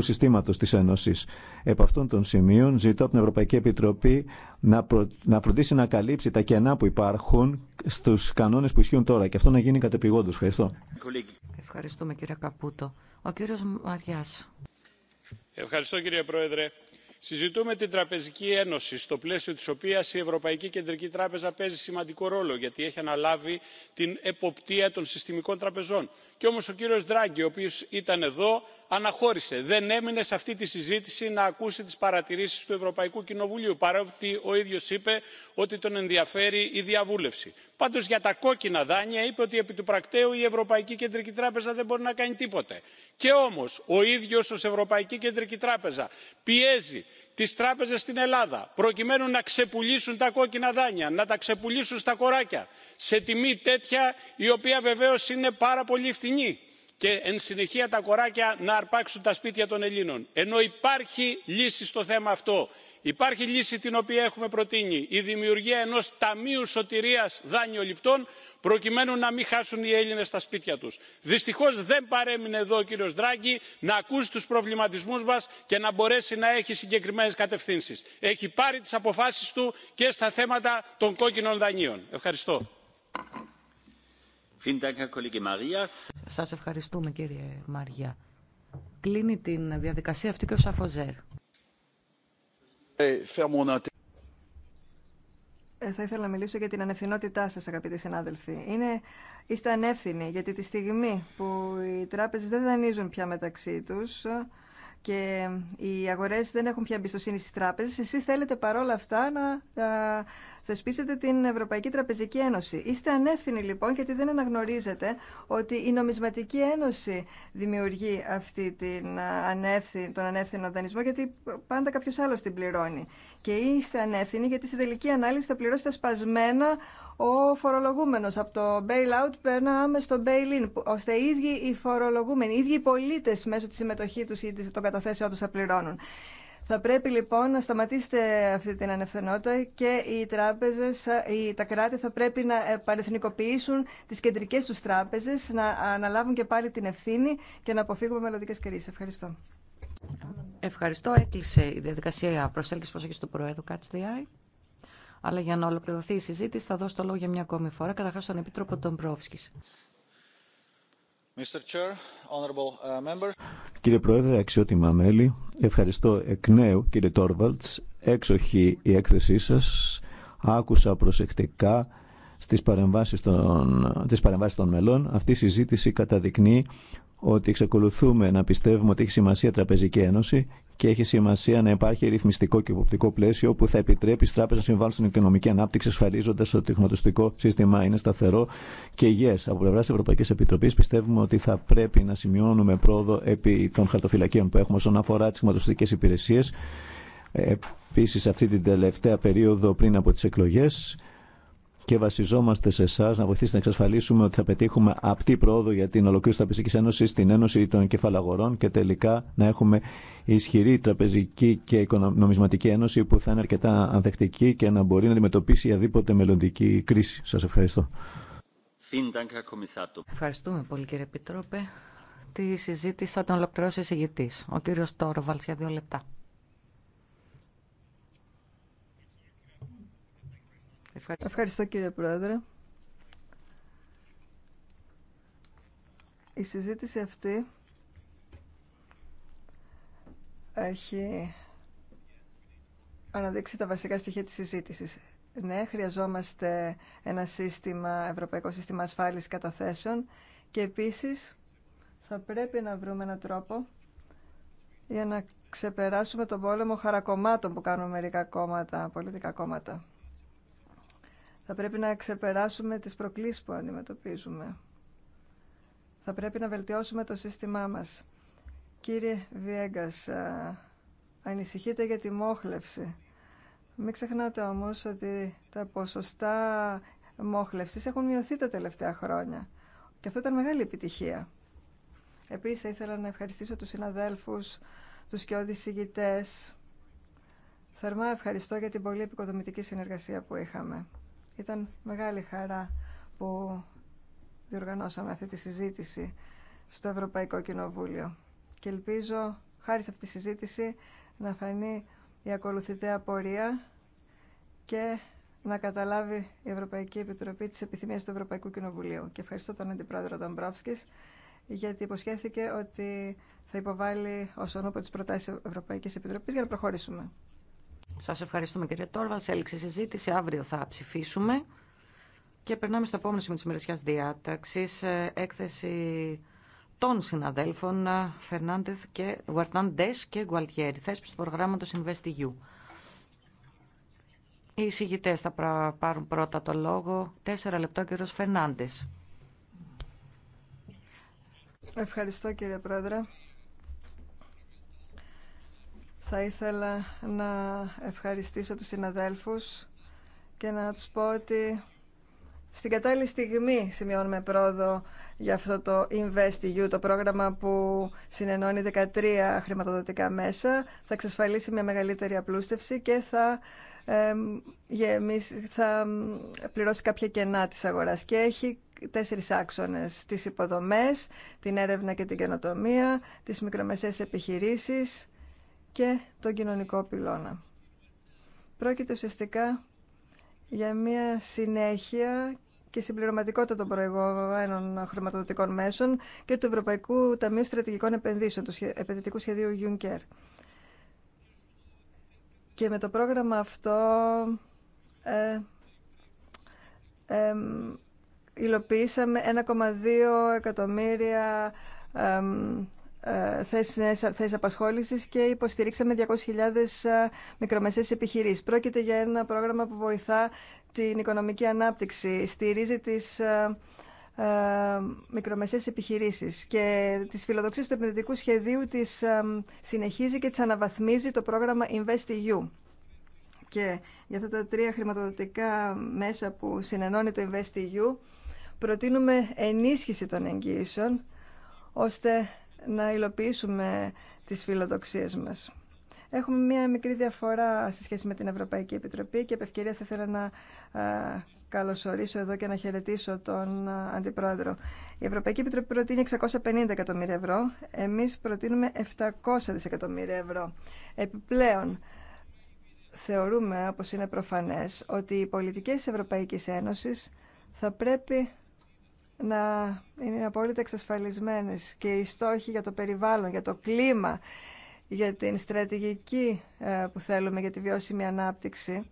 συστήματο τη Ένωση. Επ' αυτών των σημείων, ζητώ από την Ευρωπαϊκή Επιτροπή να, προ... να φροντίσει να καλύψει τα κενά που υπάρχουν στου κανόνε που ισχύουν τώρα και αυτό να γίνει κατεπηγόντω. Ευχαριστώ. Ευχαριστούμε, κύριε Καπούτο. Ο κύριο Μαριά. Ευχαριστώ, κύριε Πρόεδρε. Συζητούμε την Τραπεζική Ένωση, στο πλαίσιο της οποίας η Ευρωπαϊκή Κεντρική Τράπεζα παίζει σημαντικό ρόλο, γιατί έχει αναλάβει την εποπτεία των συστημικών τραπεζών. Και όμως ο κύριος Δράγκη, ο οποίος ήταν εδώ, αναχώρησε δεν έμεινε σε αυτή τη συζήτηση να ακούσει τις παρατηρήσεις του ευρωπαϊκού κοινοβουλίου παρότι ο ίδιος είπε ότι τον ενδιαφέρει η διαβούλευση. πάντως για τα κόκκινα δάνεια είπε ότι επί του πρακτέου η ευρωπαϊκή κεντρική τράπεζα δεν μπορεί να κάνει τίποτε. και όμως ο ίδιος ως ευρωπαϊκή κεντρική τράπεζα πιέζει τις τράπεζες στην ελλάδα προκειμένου να ξεπουλήσουν τα κόκκινα δάνεια να τα ξεπουλήσουν στα κοράκια σε τιμή τέτοια η οποία βεβαίως είναι πάρα πολύ φτηνή και εν συνεχεία τα κοράκια να αρπάξουν τα σπίτια των ελλήνων ενώ υπάρχει λύση στο θέμα αυτό. υπάρχει λύση την οποία έχουμε προτείνει η δημιουργία ενός ταμείου σωτηρίας δανειοληπτών προκειμένου να μην χάσουν οι έλληνες τα σπίτια τους. δυστυχώς δεν παρέμεινε εδώ ο κύριος δράγκη να ακούσει τους προβληματισμούς μας και να μπορέσει να έχει συγκεκριμένες κατευθύνσεις. έχει πάρει τις αποφάσεις του και στα θέματα των κόκκινων δανείων. ευχαριστώ. Σας ευχαριστούμε κύριε Μαριά. Κλείνει την διαδικασία αυτή και ο Σαφοζέρ. Ε, ε, θα ήθελα να μιλήσω για την ανευθυνότητά σας, αγαπητοί συνάδελφοι. Είναι, είστε ανεύθυνοι, γιατί τη στιγμή που οι τράπεζες δεν δανείζουν πια μεταξύ τους, και οι αγορές δεν έχουν πια εμπιστοσύνη στι Τράπεζε. εσείς θέλετε παρόλα αυτά να θεσπίσετε την Ευρωπαϊκή Τραπεζική Ένωση. Είστε ανεύθυνοι λοιπόν γιατί δεν αναγνωρίζετε ότι η Νομισματική Ένωση δημιουργεί αυτή την τον ανεύθυνο δανεισμό γιατί πάντα κάποιο άλλο την πληρώνει. Και είστε ανεύθυνοι γιατί στην τελική ανάλυση θα πληρώσετε σπασμένα ο φορολογούμενος από το bailout περνάμε στο bail-in, ώστε οι ίδιοι οι φορολογούμενοι, οι ίδιοι οι πολίτες μέσω της συμμετοχή τους ή των καταθέσεων τους θα πληρώνουν. Θα πρέπει λοιπόν να σταματήσετε αυτή την ανευθυνότητα και οι τράπεζες, τα κράτη θα πρέπει να παρεθνικοποιήσουν τις κεντρικές τους τράπεζες, να αναλάβουν και πάλι την ευθύνη και να αποφύγουμε μελλοντικέ κρίσεις. Ευχαριστώ. Ευχαριστώ. Έκλεισε η διαδικασία προσέλκυσης προσοχή του Προέδρου Κάτσδιάη. Αλλά για να ολοκληρωθεί η συζήτηση θα δώσω το λόγο για μια ακόμη φορά, καταρχά στον Επίτροπο τον uh, Κύριε Πρόεδρε, αξιότιμα μέλη, ευχαριστώ εκ νέου κύριε Τόρβαλτς, έξοχη η έκθεσή σας. Άκουσα προσεκτικά στις παρεμβάσεις των, μελών. Αυτή η συζήτηση καταδεικνύει ότι εξακολουθούμε να πιστεύουμε ότι έχει σημασία η Τραπεζική Ένωση και έχει σημασία να υπάρχει ρυθμιστικό και υποπτικό πλαίσιο που θα επιτρέπει στι τράπεζε να συμβάλλουν στην οικονομική ανάπτυξη, ασφαλίζοντα ότι το χρηματοστικό σύστημα είναι σταθερό και υγιέ. Yes, από πλευρά τη Ευρωπαϊκή Επιτροπή πιστεύουμε ότι θα πρέπει να σημειώνουμε πρόοδο επί των χαρτοφυλακίων που έχουμε όσον αφορά τι χρηματοστικέ υπηρεσίε. Επίση, αυτή την τελευταία περίοδο πριν από τι εκλογέ, και βασιζόμαστε σε εσά να βοηθήσετε να εξασφαλίσουμε ότι θα πετύχουμε απτή πρόοδο για την ολοκλήρωση τη Τραπεζική Ένωση, την Ένωση των Κεφαλαγορών και τελικά να έχουμε ισχυρή τραπεζική και νομισματική ένωση που θα είναι αρκετά ανθεκτική και να μπορεί να αντιμετωπίσει οποιαδήποτε μελλοντική κρίση. Σα ευχαριστώ. Ευχαριστούμε πολύ κύριε Επιτρόπε. Τη συζήτηση θα τον ολοκληρώσει εισηγητή, ο κύριο Τόρβαλ, για δύο λεπτά. Ευχαριστώ. Ευχαριστώ κύριε Πρόεδρε. Η συζήτηση αυτή έχει αναδείξει τα βασικά στοιχεία της συζήτησης. Ναι, χρειαζόμαστε ένα σύστημα, ευρωπαϊκό σύστημα ασφάλισης καταθέσεων και επίσης θα πρέπει να βρούμε έναν τρόπο για να ξεπεράσουμε τον πόλεμο χαρακομμάτων που κάνουν μερικά κόμματα, πολιτικά κόμματα. Θα πρέπει να ξεπεράσουμε τις προκλήσεις που αντιμετωπίζουμε. Θα πρέπει να βελτιώσουμε το σύστημά μας. Κύριε Βιέγκας, ανησυχείτε για τη μόχλευση. Μην ξεχνάτε όμως ότι τα ποσοστά μόχλευσης έχουν μειωθεί τα τελευταία χρόνια. Και αυτό ήταν μεγάλη επιτυχία. Επίσης θα ήθελα να ευχαριστήσω τους συναδέλφους, τους και ηγητές. Θερμά ευχαριστώ για την πολύ επικοδομητική συνεργασία που είχαμε. Ήταν μεγάλη χαρά που διοργανώσαμε αυτή τη συζήτηση στο Ευρωπαϊκό Κοινοβούλιο. Και ελπίζω, χάρη σε αυτή τη συζήτηση, να φανεί η ακολουθητέα πορεία και να καταλάβει η Ευρωπαϊκή Επιτροπή τις επιθυμίες του Ευρωπαϊκού Κοινοβουλίου. Και ευχαριστώ τον Αντιπρόεδρο γιατί υποσχέθηκε ότι θα υποβάλει ως ονόπο τις προτάσεις Ευρωπαϊκής Επιτροπής για να προχωρήσουμε. Σας ευχαριστούμε κύριε Τόρβαλ. Σε η συζήτηση αύριο θα ψηφίσουμε. Και περνάμε στο επόμενο σημείο τη ημερησιά διάταξη ε, Έκθεση των συναδέλφων ε, Φερνάντεθ και Γουαρτάντες και Γουαλτιέρη, Θέσπιση του προγράμματο InvestEU. Οι εισηγητέ θα πάρουν πρώτα το λόγο. Τέσσερα λεπτά ο κύριος Φερνάντες. Ευχαριστώ κύριε Πρόεδρε. Θα ήθελα να ευχαριστήσω τους συναδέλφους και να τους πω ότι στην κατάλληλη στιγμή σημειώνουμε πρόοδο για αυτό το InvestEU, το πρόγραμμα που συνενώνει 13 χρηματοδοτικά μέσα. Θα εξασφαλίσει μια μεγαλύτερη απλούστευση και θα, θα πληρώσει κάποια κενά της αγοράς. Και έχει τέσσερις άξονες, τις υποδομές, την έρευνα και την καινοτομία, τις μικρομεσαίες επιχειρήσεις, και τον κοινωνικό πυλώνα. Πρόκειται ουσιαστικά για μια συνέχεια και συμπληρωματικότητα των προηγούμενων χρηματοδοτικών μέσων και του Ευρωπαϊκού Ταμείου Στρατηγικών Επενδύσεων, του επενδυτικού σχεδίου Juncker. Και με το πρόγραμμα αυτό ε, υλοποιήσαμε 1,2 εκατομμύρια ε, ε, Θέσει απασχόληση και υποστηρίξαμε 200.000 ε, μικρομεσαίες επιχειρήσεις. Πρόκειται για ένα πρόγραμμα που βοηθά την οικονομική ανάπτυξη, στηρίζει τι ε, μικρομεσαίες επιχειρήσεις και τι φιλοδοξίε του επενδυτικού σχεδίου τι συνεχίζει και τι αναβαθμίζει το πρόγραμμα InvestEU. Και για αυτά τα τρία χρηματοδοτικά μέσα που συνενώνει το InvestEU προτείνουμε ενίσχυση των εγγύησεων ώστε να υλοποιήσουμε τις φιλοδοξίες μας. Έχουμε μία μικρή διαφορά σε σχέση με την Ευρωπαϊκή Επιτροπή και επ' ευκαιρία θα ήθελα να καλωσορίσω εδώ και να χαιρετήσω τον Αντιπρόεδρο. Η Ευρωπαϊκή Επιτροπή προτείνει 650 εκατομμύρια ευρώ. Εμείς προτείνουμε 700 δισεκατομμύρια ευρώ. Επιπλέον, θεωρούμε, όπως είναι προφανές, ότι οι πολιτικές της Ευρωπαϊκής Ένωσης θα πρέπει να είναι απόλυτα εξασφαλισμένες και οι στόχοι για το περιβάλλον, για το κλίμα, για την στρατηγική ε, που θέλουμε για τη βιώσιμη ανάπτυξη,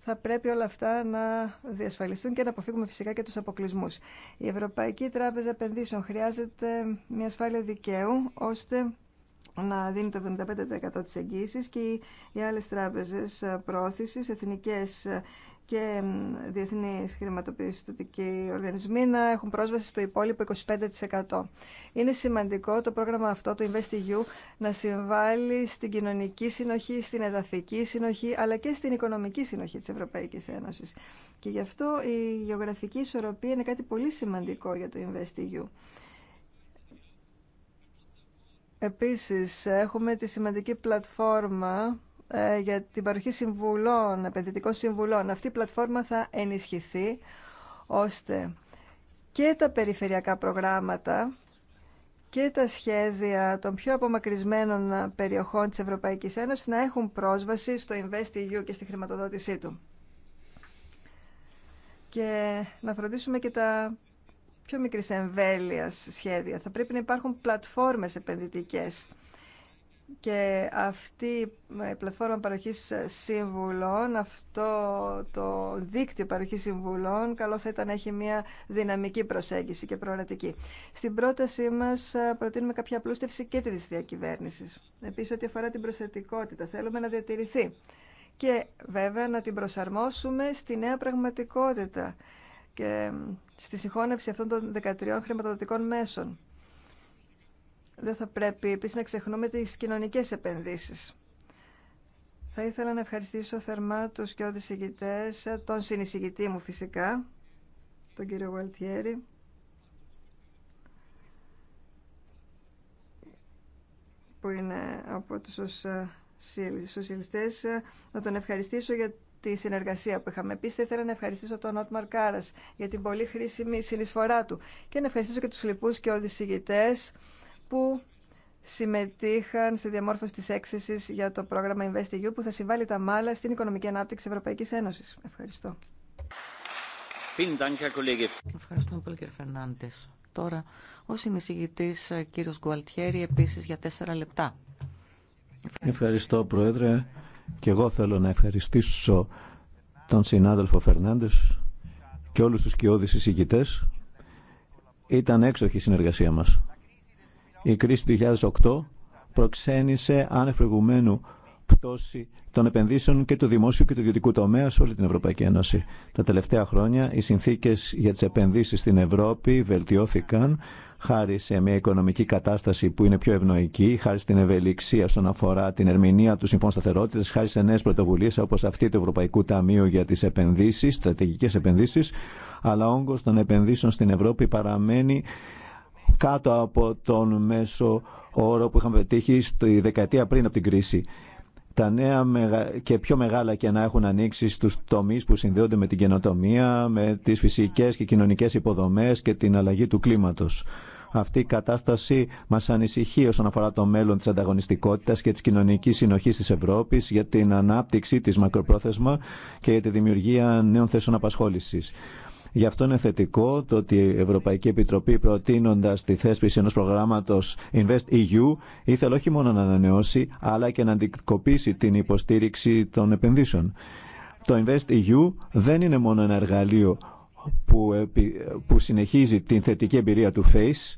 θα πρέπει όλα αυτά να διασφαλιστούν και να αποφύγουμε φυσικά και τους αποκλεισμούς. Η Ευρωπαϊκή Τράπεζα Επενδύσεων χρειάζεται μια ασφάλεια δικαίου, ώστε να δίνει το 75% της εγγύησης και οι άλλες τράπεζες ε, πρόθεσης, εθνικές ε, και διεθνείς χρηματοπιστωτικοί οργανισμοί να έχουν πρόσβαση στο υπόλοιπο 25%. Είναι σημαντικό το πρόγραμμα αυτό, το InvestEU, να συμβάλλει στην κοινωνική συνοχή, στην εδαφική συνοχή, αλλά και στην οικονομική συνοχή της Ευρωπαϊκής Ένωσης. Και γι' αυτό η γεωγραφική ισορροπία είναι κάτι πολύ σημαντικό για το InvestEU. Επίσης, έχουμε τη σημαντική πλατφόρμα ε, για την παροχή συμβουλών, επενδυτικών συμβουλών. Αυτή η πλατφόρμα θα ενισχυθεί ώστε και τα περιφερειακά προγράμματα και τα σχέδια των πιο απομακρυσμένων περιοχών της Ευρωπαϊκής Ένωσης να έχουν πρόσβαση στο InvestEU και στη χρηματοδότησή του. Και να φροντίσουμε και τα πιο μικρής εμβέλειας σχέδια. Θα πρέπει να υπάρχουν πλατφόρμες επενδυτικές και αυτή ε, η πλατφόρμα παροχής συμβουλών, αυτό το δίκτυο παροχής συμβουλών, καλό θα ήταν να έχει μια δυναμική προσέγγιση και προορατική. Στην πρότασή μας ε, προτείνουμε κάποια απλούστευση και τη διακυβέρνηση. Επίσης, ό,τι αφορά την προσθετικότητα, θέλουμε να διατηρηθεί και βέβαια να την προσαρμόσουμε στη νέα πραγματικότητα και ε, στη συγχώνευση αυτών των 13 χρηματοδοτικών μέσων δεν θα πρέπει επίση να ξεχνούμε τις κοινωνικέ επενδύσεις. Θα ήθελα να ευχαριστήσω θερμά τους και ηγητές, τον συνεισηγητή μου φυσικά, τον κύριο Γουαλτιέρη. που είναι από τους σοσιαλιστές, να τον ευχαριστήσω για τη συνεργασία που είχαμε. Επίση, θα ήθελα να ευχαριστήσω τον Ότμαρ Κάρα για την πολύ χρήσιμη συνεισφορά του και να ευχαριστήσω και του λοιπούς και που συμμετείχαν στη διαμόρφωση της έκθεσης για το πρόγραμμα InvestEU που θα συμβάλλει τα μάλα στην οικονομική ανάπτυξη Ευρωπαϊκής Ένωσης. Ευχαριστώ. Ευχαριστούμε πολύ κύριε Φερνάντες. Τώρα ο συνεισηγητής ε, κύριος Γκουαλτιέρη επίσης για τέσσερα λεπτά. Ευχαριστώ Πρόεδρε και εγώ θέλω να ευχαριστήσω τον συνάδελφο Φερνάντες και όλους τους κοιόδης εισηγητές. Ήταν έξοχη η συνεργασία μας. Η κρίση του 2008 προξένησε άνευ προηγουμένου πτώση των επενδύσεων και του δημόσιου και του ιδιωτικού τομέα σε όλη την Ευρωπαϊκή Ένωση. Τα τελευταία χρόνια οι συνθήκε για τι επενδύσει στην Ευρώπη βελτιώθηκαν χάρη σε μια οικονομική κατάσταση που είναι πιο ευνοϊκή, χάρη στην ευελιξία όσον αφορά την ερμηνεία του Συμφώνου Σταθερότητα, χάρη σε νέε πρωτοβουλίε όπω αυτή του Ευρωπαϊκού Ταμείου για τι Επενδύσει, στρατηγικέ επενδύσει, αλλά όγκο των επενδύσεων στην Ευρώπη παραμένει κάτω από τον μέσο όρο που είχαμε πετύχει στη δεκαετία πριν από την κρίση. Τα νέα και πιο μεγάλα κενά έχουν ανοίξει στους τομείς που συνδέονται με την καινοτομία, με τις φυσικές και κοινωνικές υποδομές και την αλλαγή του κλίματος. Αυτή η κατάσταση μας ανησυχεί όσον αφορά το μέλλον της ανταγωνιστικότητας και της κοινωνικής συνοχής της Ευρώπης για την ανάπτυξη της μακροπρόθεσμα και για τη δημιουργία νέων θέσεων απασχόλησης. Γι' αυτό είναι θετικό το ότι η Ευρωπαϊκή Επιτροπή προτείνοντα τη θέσπιση ενό προγράμματο Invest EU ήθελε όχι μόνο να ανανεώσει αλλά και να αντικοπήσει την υποστήριξη των επενδύσεων. Το Invest EU δεν είναι μόνο ένα εργαλείο που, που συνεχίζει την θετική εμπειρία του FACE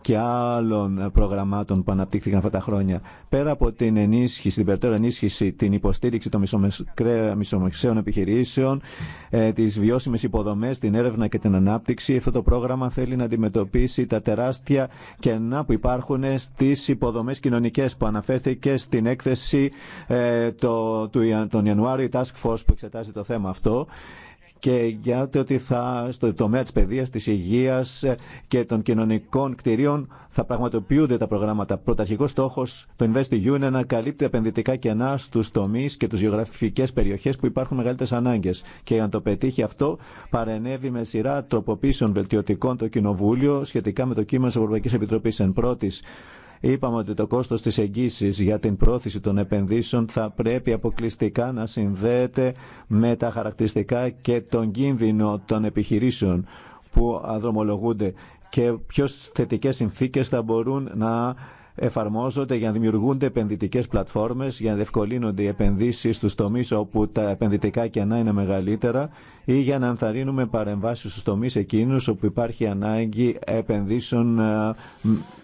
και άλλων ε, προγραμμάτων που αναπτύχθηκαν αυτά τα χρόνια. Πέρα από την ενίσχυση, την περαιτέρω ενίσχυση, την υποστήριξη των μισομεσαίων επιχειρήσεων, ε, τι βιώσιμε υποδομέ, την έρευνα και την ανάπτυξη, αυτό το πρόγραμμα θέλει να αντιμετωπίσει τα τεράστια κενά που υπάρχουν στι υποδομέ κοινωνικέ που αναφέρθηκε στην έκθεση ε, το, του, τον Ιανουάριο Task Force που εξετάζει το θέμα αυτό και για το ότι θα στο τομέα της παιδείας, της υγείας και των κοινωνικών κτηρίων θα πραγματοποιούνται τα προγράμματα. Πρωταρχικός στόχος του InvestEU είναι να καλύπτει επενδυτικά κενά στους τομείς και τους γεωγραφικές περιοχές που υπάρχουν μεγαλύτερες ανάγκες. Και για να το πετύχει αυτό παρενέβη με σειρά τροποποίησεων βελτιωτικών το Κοινοβούλιο σχετικά με το κείμενο της Ευρωπαϊκής Επιτροπής εν πρώτης Είπαμε ότι το κόστος της εγγύσης για την πρόθεση των επενδύσεων θα πρέπει αποκλειστικά να συνδέεται με τα χαρακτηριστικά και τον κίνδυνο των επιχειρήσεων που αδρομολογούνται και ποιες θετικές συνθήκες θα μπορούν να εφαρμόζονται για να δημιουργούνται επενδυτικέ πλατφόρμε, για να διευκολύνονται οι επενδύσει στου τομεί όπου τα επενδυτικά κενά είναι μεγαλύτερα ή για να ανθαρρύνουμε παρεμβάσει στου τομεί εκείνου όπου υπάρχει ανάγκη επενδύσεων, ε,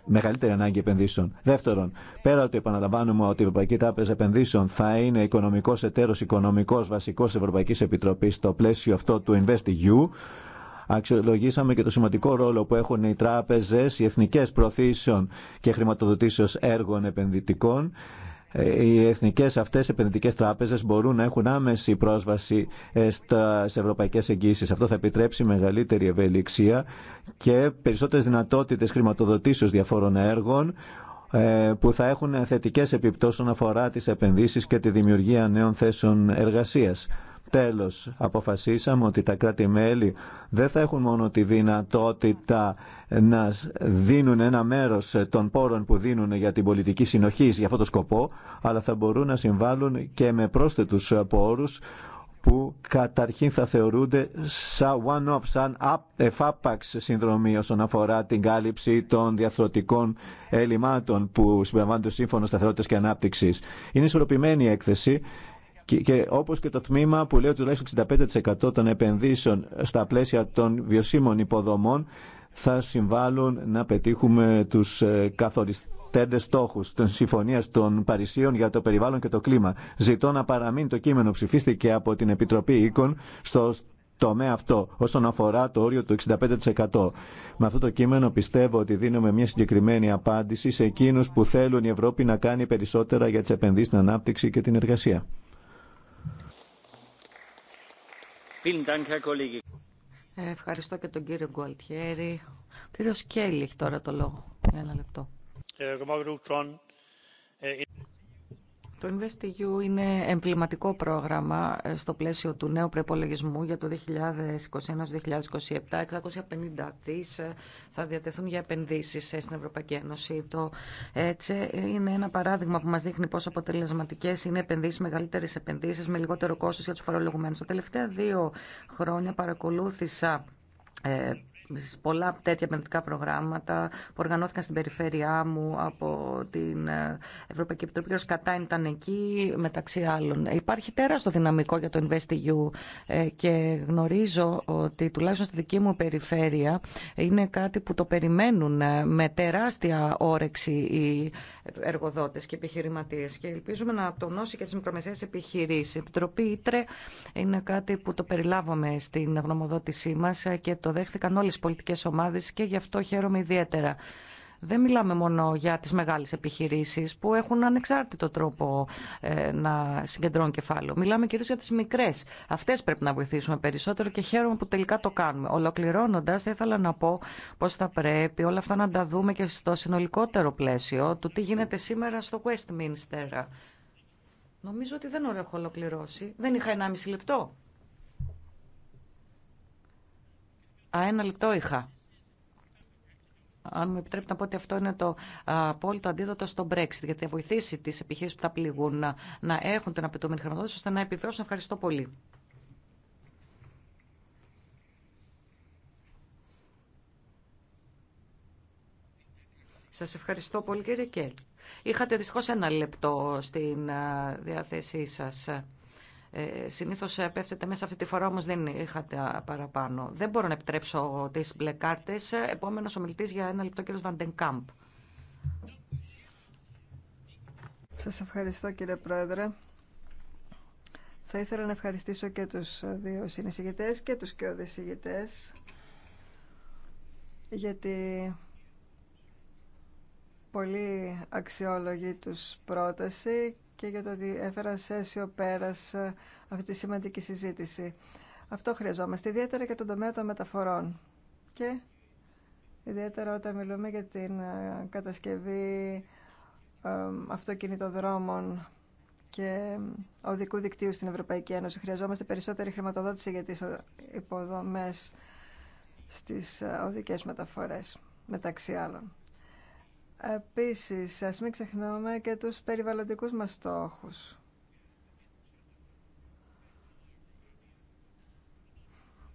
μεγαλύτερη ανάγκη επενδύσεων. Δεύτερον, πέρα από το επαναλαμβάνουμε ότι η Ευρωπαϊκή Τάπεζα Επενδύσεων θα είναι οικονομικό εταίρο, οικονομικό βασικό Ευρωπαϊκή Επιτροπή στο πλαίσιο αυτό του InvestEU, Αξιολογήσαμε και το σημαντικό ρόλο που έχουν οι τράπεζε, οι εθνικέ προθήσεων και χρηματοδοτήσεω έργων επενδυτικών. Ε, οι εθνικέ αυτέ επενδυτικέ τράπεζε μπορούν να έχουν άμεση πρόσβαση ε, στι ευρωπαϊκέ εγγύσει. Αυτό θα επιτρέψει μεγαλύτερη ευελιξία και περισσότερε δυνατότητε χρηματοδοτήσεω διαφόρων έργων ε, που θα έχουν θετικές επιπτώσεις αφορά τις επενδύσεις και τη δημιουργία νέων θέσεων εργασίας. Τέλος, αποφασίσαμε ότι τα κράτη-μέλη δεν θα έχουν μόνο τη δυνατότητα να δίνουν ένα μέρος των πόρων που δίνουν για την πολιτική συνοχή για αυτό το σκοπό, αλλά θα μπορούν να συμβάλλουν και με πρόσθετους πόρους που καταρχήν θα θεωρούνται σαν one-off, σαν εφάπαξ συνδρομή όσον αφορά την κάλυψη των διαθροτικών έλλειμμάτων που συμπεριλαμβάνονται σύμφωνο σταθερότητα και ανάπτυξη. Είναι ισορροπημένη η έκθεση και, και όπως και το τμήμα που λέει ότι τουλάχιστον 65% των επενδύσεων στα πλαίσια των βιωσίμων υποδομών θα συμβάλλουν να πετύχουμε τους ε, καθοριστέντες στόχους των συμφωνίας των Παρισίων για το περιβάλλον και το κλίμα. Ζητώ να παραμείνει το κείμενο ψηφίστηκε από την Επιτροπή Οίκων στο τομέα αυτό όσον αφορά το όριο του 65%. Με αυτό το κείμενο πιστεύω ότι δίνουμε μια συγκεκριμένη απάντηση σε εκείνους που θέλουν η Ευρώπη να κάνει περισσότερα για τις επενδύσεις στην ανάπτυξη και την εργασία. Ευχαριστώ και τον κύριο Γκουαλτιέρη. Ο κύριος Κέλλη έχει τώρα το λόγο. Ένα λεπτό. Ε, το InvestEU είναι εμβληματικό πρόγραμμα ε, στο πλαίσιο του νέου προπολογισμού για το 2021-2027. 650 δι θα διατεθούν για επενδύσεις ε, στην Ευρωπαϊκή Ένωση. Το έτσι ε, είναι ένα παράδειγμα που μα δείχνει πόσο αποτελεσματικέ είναι επενδύσεις, μεγαλύτερε επενδύσει, με λιγότερο κόστο για του φορολογουμένου. Τα τελευταία δύο χρόνια παρακολούθησα πολλά τέτοια επενδυτικά προγράμματα που οργανώθηκαν στην περιφέρειά μου από την ε, Ευρωπαϊκή Επιτροπή. Ο Κατάιν ήταν εκεί, μεταξύ άλλων. Υπάρχει τεράστιο δυναμικό για το InvestEU ε, και γνωρίζω ότι τουλάχιστον στη δική μου περιφέρεια είναι κάτι που το περιμένουν ε, με τεράστια όρεξη οι εργοδότες και επιχειρηματίες και ελπίζουμε να τονώσει και τις μικρομεσαίες επιχειρήσεις. Η Επιτροπή Ήτρε είναι κάτι που το περιλάβαμε στην γνωμοδότησή μας και το δέχτηκαν όλε τις πολιτικές ομάδες και γι' αυτό χαίρομαι ιδιαίτερα. Δεν μιλάμε μόνο για τις μεγάλες επιχειρήσεις που έχουν ανεξάρτητο τρόπο ε, να συγκεντρώνουν κεφάλαιο. Μιλάμε κυρίως για τις μικρές. Αυτές πρέπει να βοηθήσουμε περισσότερο και χαίρομαι που τελικά το κάνουμε. Ολοκληρώνοντας, ήθελα να πω πώς θα πρέπει όλα αυτά να τα δούμε και στο συνολικότερο πλαίσιο του τι γίνεται σήμερα στο Westminster. Νομίζω ότι δεν έχω ολοκληρώσει. Δεν είχα 1,5 λεπτό. Α, ένα λεπτό είχα. Αν μου επιτρέπετε να πω ότι αυτό είναι το απόλυτο αντίδοτο στο Brexit, γιατί θα βοηθήσει τι επιχείρησει που θα πληγούν να, να έχουν την απαιτούμενη χρηματοδότηση ώστε να επιβιώσουν. Ευχαριστώ πολύ. Σας ευχαριστώ πολύ κύριε Κέλ. Είχατε δυστυχώς ένα λεπτό στην ε, διάθεσή σας. Ε, συνήθως ε, πέφτεται μέσα αυτή τη φορά, όμω δεν είχατε παραπάνω. Δεν μπορώ να επιτρέψω τι μπλε Επόμενο Επόμενος ομιλητής για ένα λεπτό, κύριος Βαντενκάμπ. Σας ευχαριστώ κύριε Πρόεδρε. Θα ήθελα να ευχαριστήσω και τους δύο συνεισηγητές και τους και για γιατί πολύ αξιόλογη τους πρόταση και για το ότι έφερα σε αίσιο πέρας ε, αυτή τη σημαντική συζήτηση. Αυτό χρειαζόμαστε, ιδιαίτερα για τον τομέα των μεταφορών. Και ιδιαίτερα όταν μιλούμε για την ε, κατασκευή ε, αυτοκινητοδρόμων και οδικού δικτύου στην Ευρωπαϊκή Ένωση. Χρειαζόμαστε περισσότερη χρηματοδότηση για τις υποδομές στις οδικές μεταφορές, μεταξύ άλλων. Επίσης, ας μην ξεχνάμε και τους περιβαλλοντικούς μας στόχους.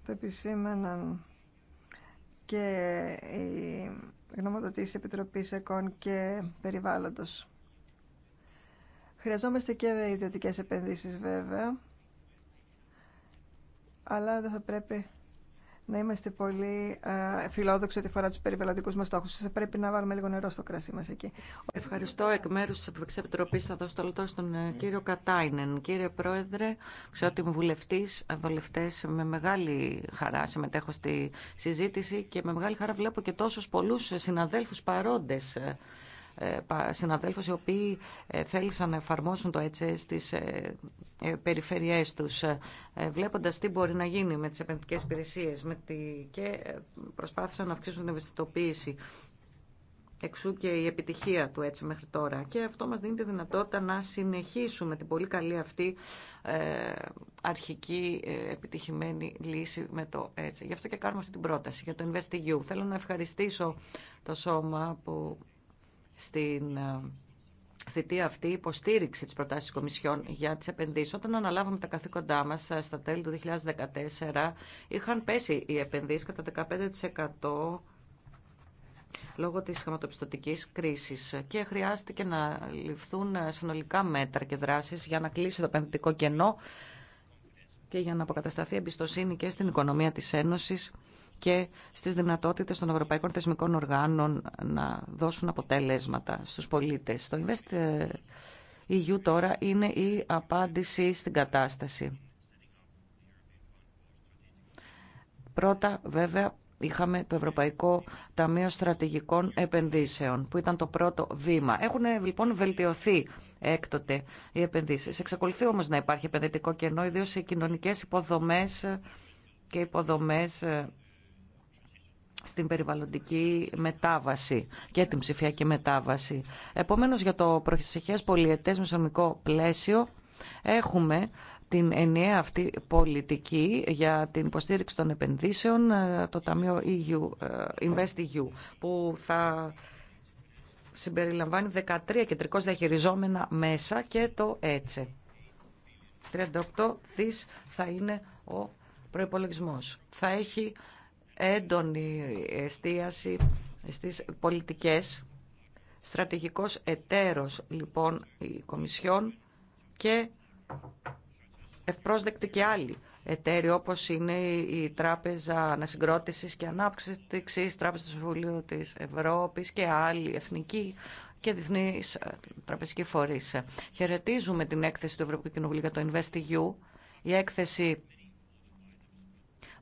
Το επισήμαναν και η γνωμοδοτήση Επιτροπής ΕΚΟΝ και Περιβάλλοντος. Χρειαζόμαστε και ιδιωτικές επενδύσεις βέβαια, αλλά δεν θα πρέπει να είμαστε πολύ φιλόδοξοι ό,τι αφορά του περιβαλλοντικού μα στόχου. Πρέπει να βάλουμε λίγο νερό στο κρασί μα εκεί. Ευχαριστώ. Εκ μέρου τη Ευρωπαϊκή Επιτροπή θα δώσω το λόγο στον ε, κύριο Κατάινεν. Κύριε Πρόεδρε, είμαι βουλευτή, βουλευτέ, με μεγάλη χαρά συμμετέχω στη συζήτηση και με μεγάλη χαρά βλέπω και τόσου πολλού συναδέλφου παρόντε ε, ε, συναδέλφους οι οποίοι ε, θέλησαν να εφαρμόσουν το έτσι στις ε, περιφερειές τους, βλέποντας τι μπορεί να γίνει με τις επενδυτικές υπηρεσίε τη... και προσπάθησαν να αυξήσουν την ευαισθητοποίηση. Εξού και η επιτυχία του έτσι μέχρι τώρα. Και αυτό μας δίνει τη δυνατότητα να συνεχίσουμε την πολύ καλή αυτή αρχική επιτυχημένη λύση με το έτσι. Γι' αυτό και κάνουμε αυτή την πρόταση για το InvestEU. Θέλω να ευχαριστήσω το σώμα που στην ε, θητεία αυτή υποστήριξη τις προτάσεις της Κομισιόν για τις επενδύσεις. Όταν αναλάβαμε τα καθήκοντά μας ε, στα τέλη του 2014 είχαν πέσει οι επενδύσεις κατά 15% λόγω της χρηματοπιστωτικής κρίσης και χρειάστηκε να ληφθούν ε, συνολικά μέτρα και δράσεις για να κλείσει το επενδυτικό κενό και για να αποκατασταθεί εμπιστοσύνη και στην οικονομία της Ένωσης και στις δυνατότητες των ευρωπαϊκών θεσμικών οργάνων να δώσουν αποτέλεσματα στους πολίτες. Το Invest EU ε, τώρα είναι η απάντηση στην κατάσταση. Πρώτα, βέβαια, είχαμε το Ευρωπαϊκό Ταμείο Στρατηγικών Επενδύσεων, που ήταν το πρώτο βήμα. Έχουν ε, λοιπόν βελτιωθεί έκτοτε οι επενδύσεις. Εξακολουθεί όμως να υπάρχει επενδυτικό κενό, ιδίως σε κοινωνικές υποδομές και υποδομές ε, στην περιβαλλοντική μετάβαση και την ψηφιακή μετάβαση. Επομένως για το προσεχές πολιετές μεσονομικό πλαίσιο έχουμε την ενιαία αυτή πολιτική για την υποστήριξη των επενδύσεων, ε, το Ταμείο EU, ε, InvestEU, που θα συμπεριλαμβάνει 13 κεντρικώς διαχειριζόμενα μέσα και το ΕΤΣΕ. 38 δις θα είναι ο προϋπολογισμός. Θα έχει έντονη εστίαση στις πολιτικές. Στρατηγικός εταίρος λοιπόν η Κομισιόν και ευπρόσδεκτη και άλλοι εταίροι όπως είναι η Τράπεζα Ανασυγκρότησης και Ανάπτυξης, Τράπεζα του Συμβουλίου της Ευρώπης και άλλοι εθνικοί και διεθνεί ε, τραπεζικοί φορεί. Χαιρετίζουμε την έκθεση του Ευρωπαϊκού Κοινοβουλίου για το InvestEU. Η έκθεση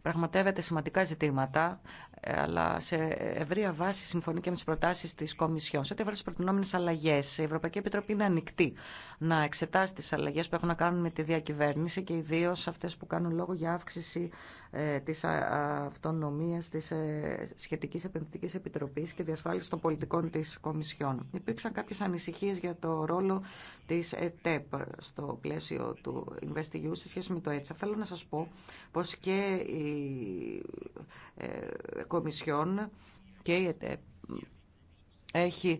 πραγματεύεται σημαντικά ζητήματα ε, αλλά σε ευρεία βάση συμφωνεί και με τι προτάσει τη Κομισιόν. Σε ό,τι αφορά τι προτινόμενε αλλαγέ, η Ευρωπαϊκή Επιτροπή είναι ανοιχτή να εξετάσει τι αλλαγέ που έχουν να κάνουν με τη διακυβέρνηση και ιδίω αυτέ που κάνουν λόγο για αύξηση ε, τη αυτονομία τη ε, σχετική επενδυτική επιτροπή και διασφάλιση των πολιτικών τη Κομισιόν. Υπήρξαν κάποιε ανησυχίε για το ρόλο τη ΕΤΕΠ στο πλαίσιο του InvestEU σε σχέση με το ΕΤΣΑ. Θέλω να σα πω πω και η ε, Κομισιόν και η ΕΤΕΠ έχει,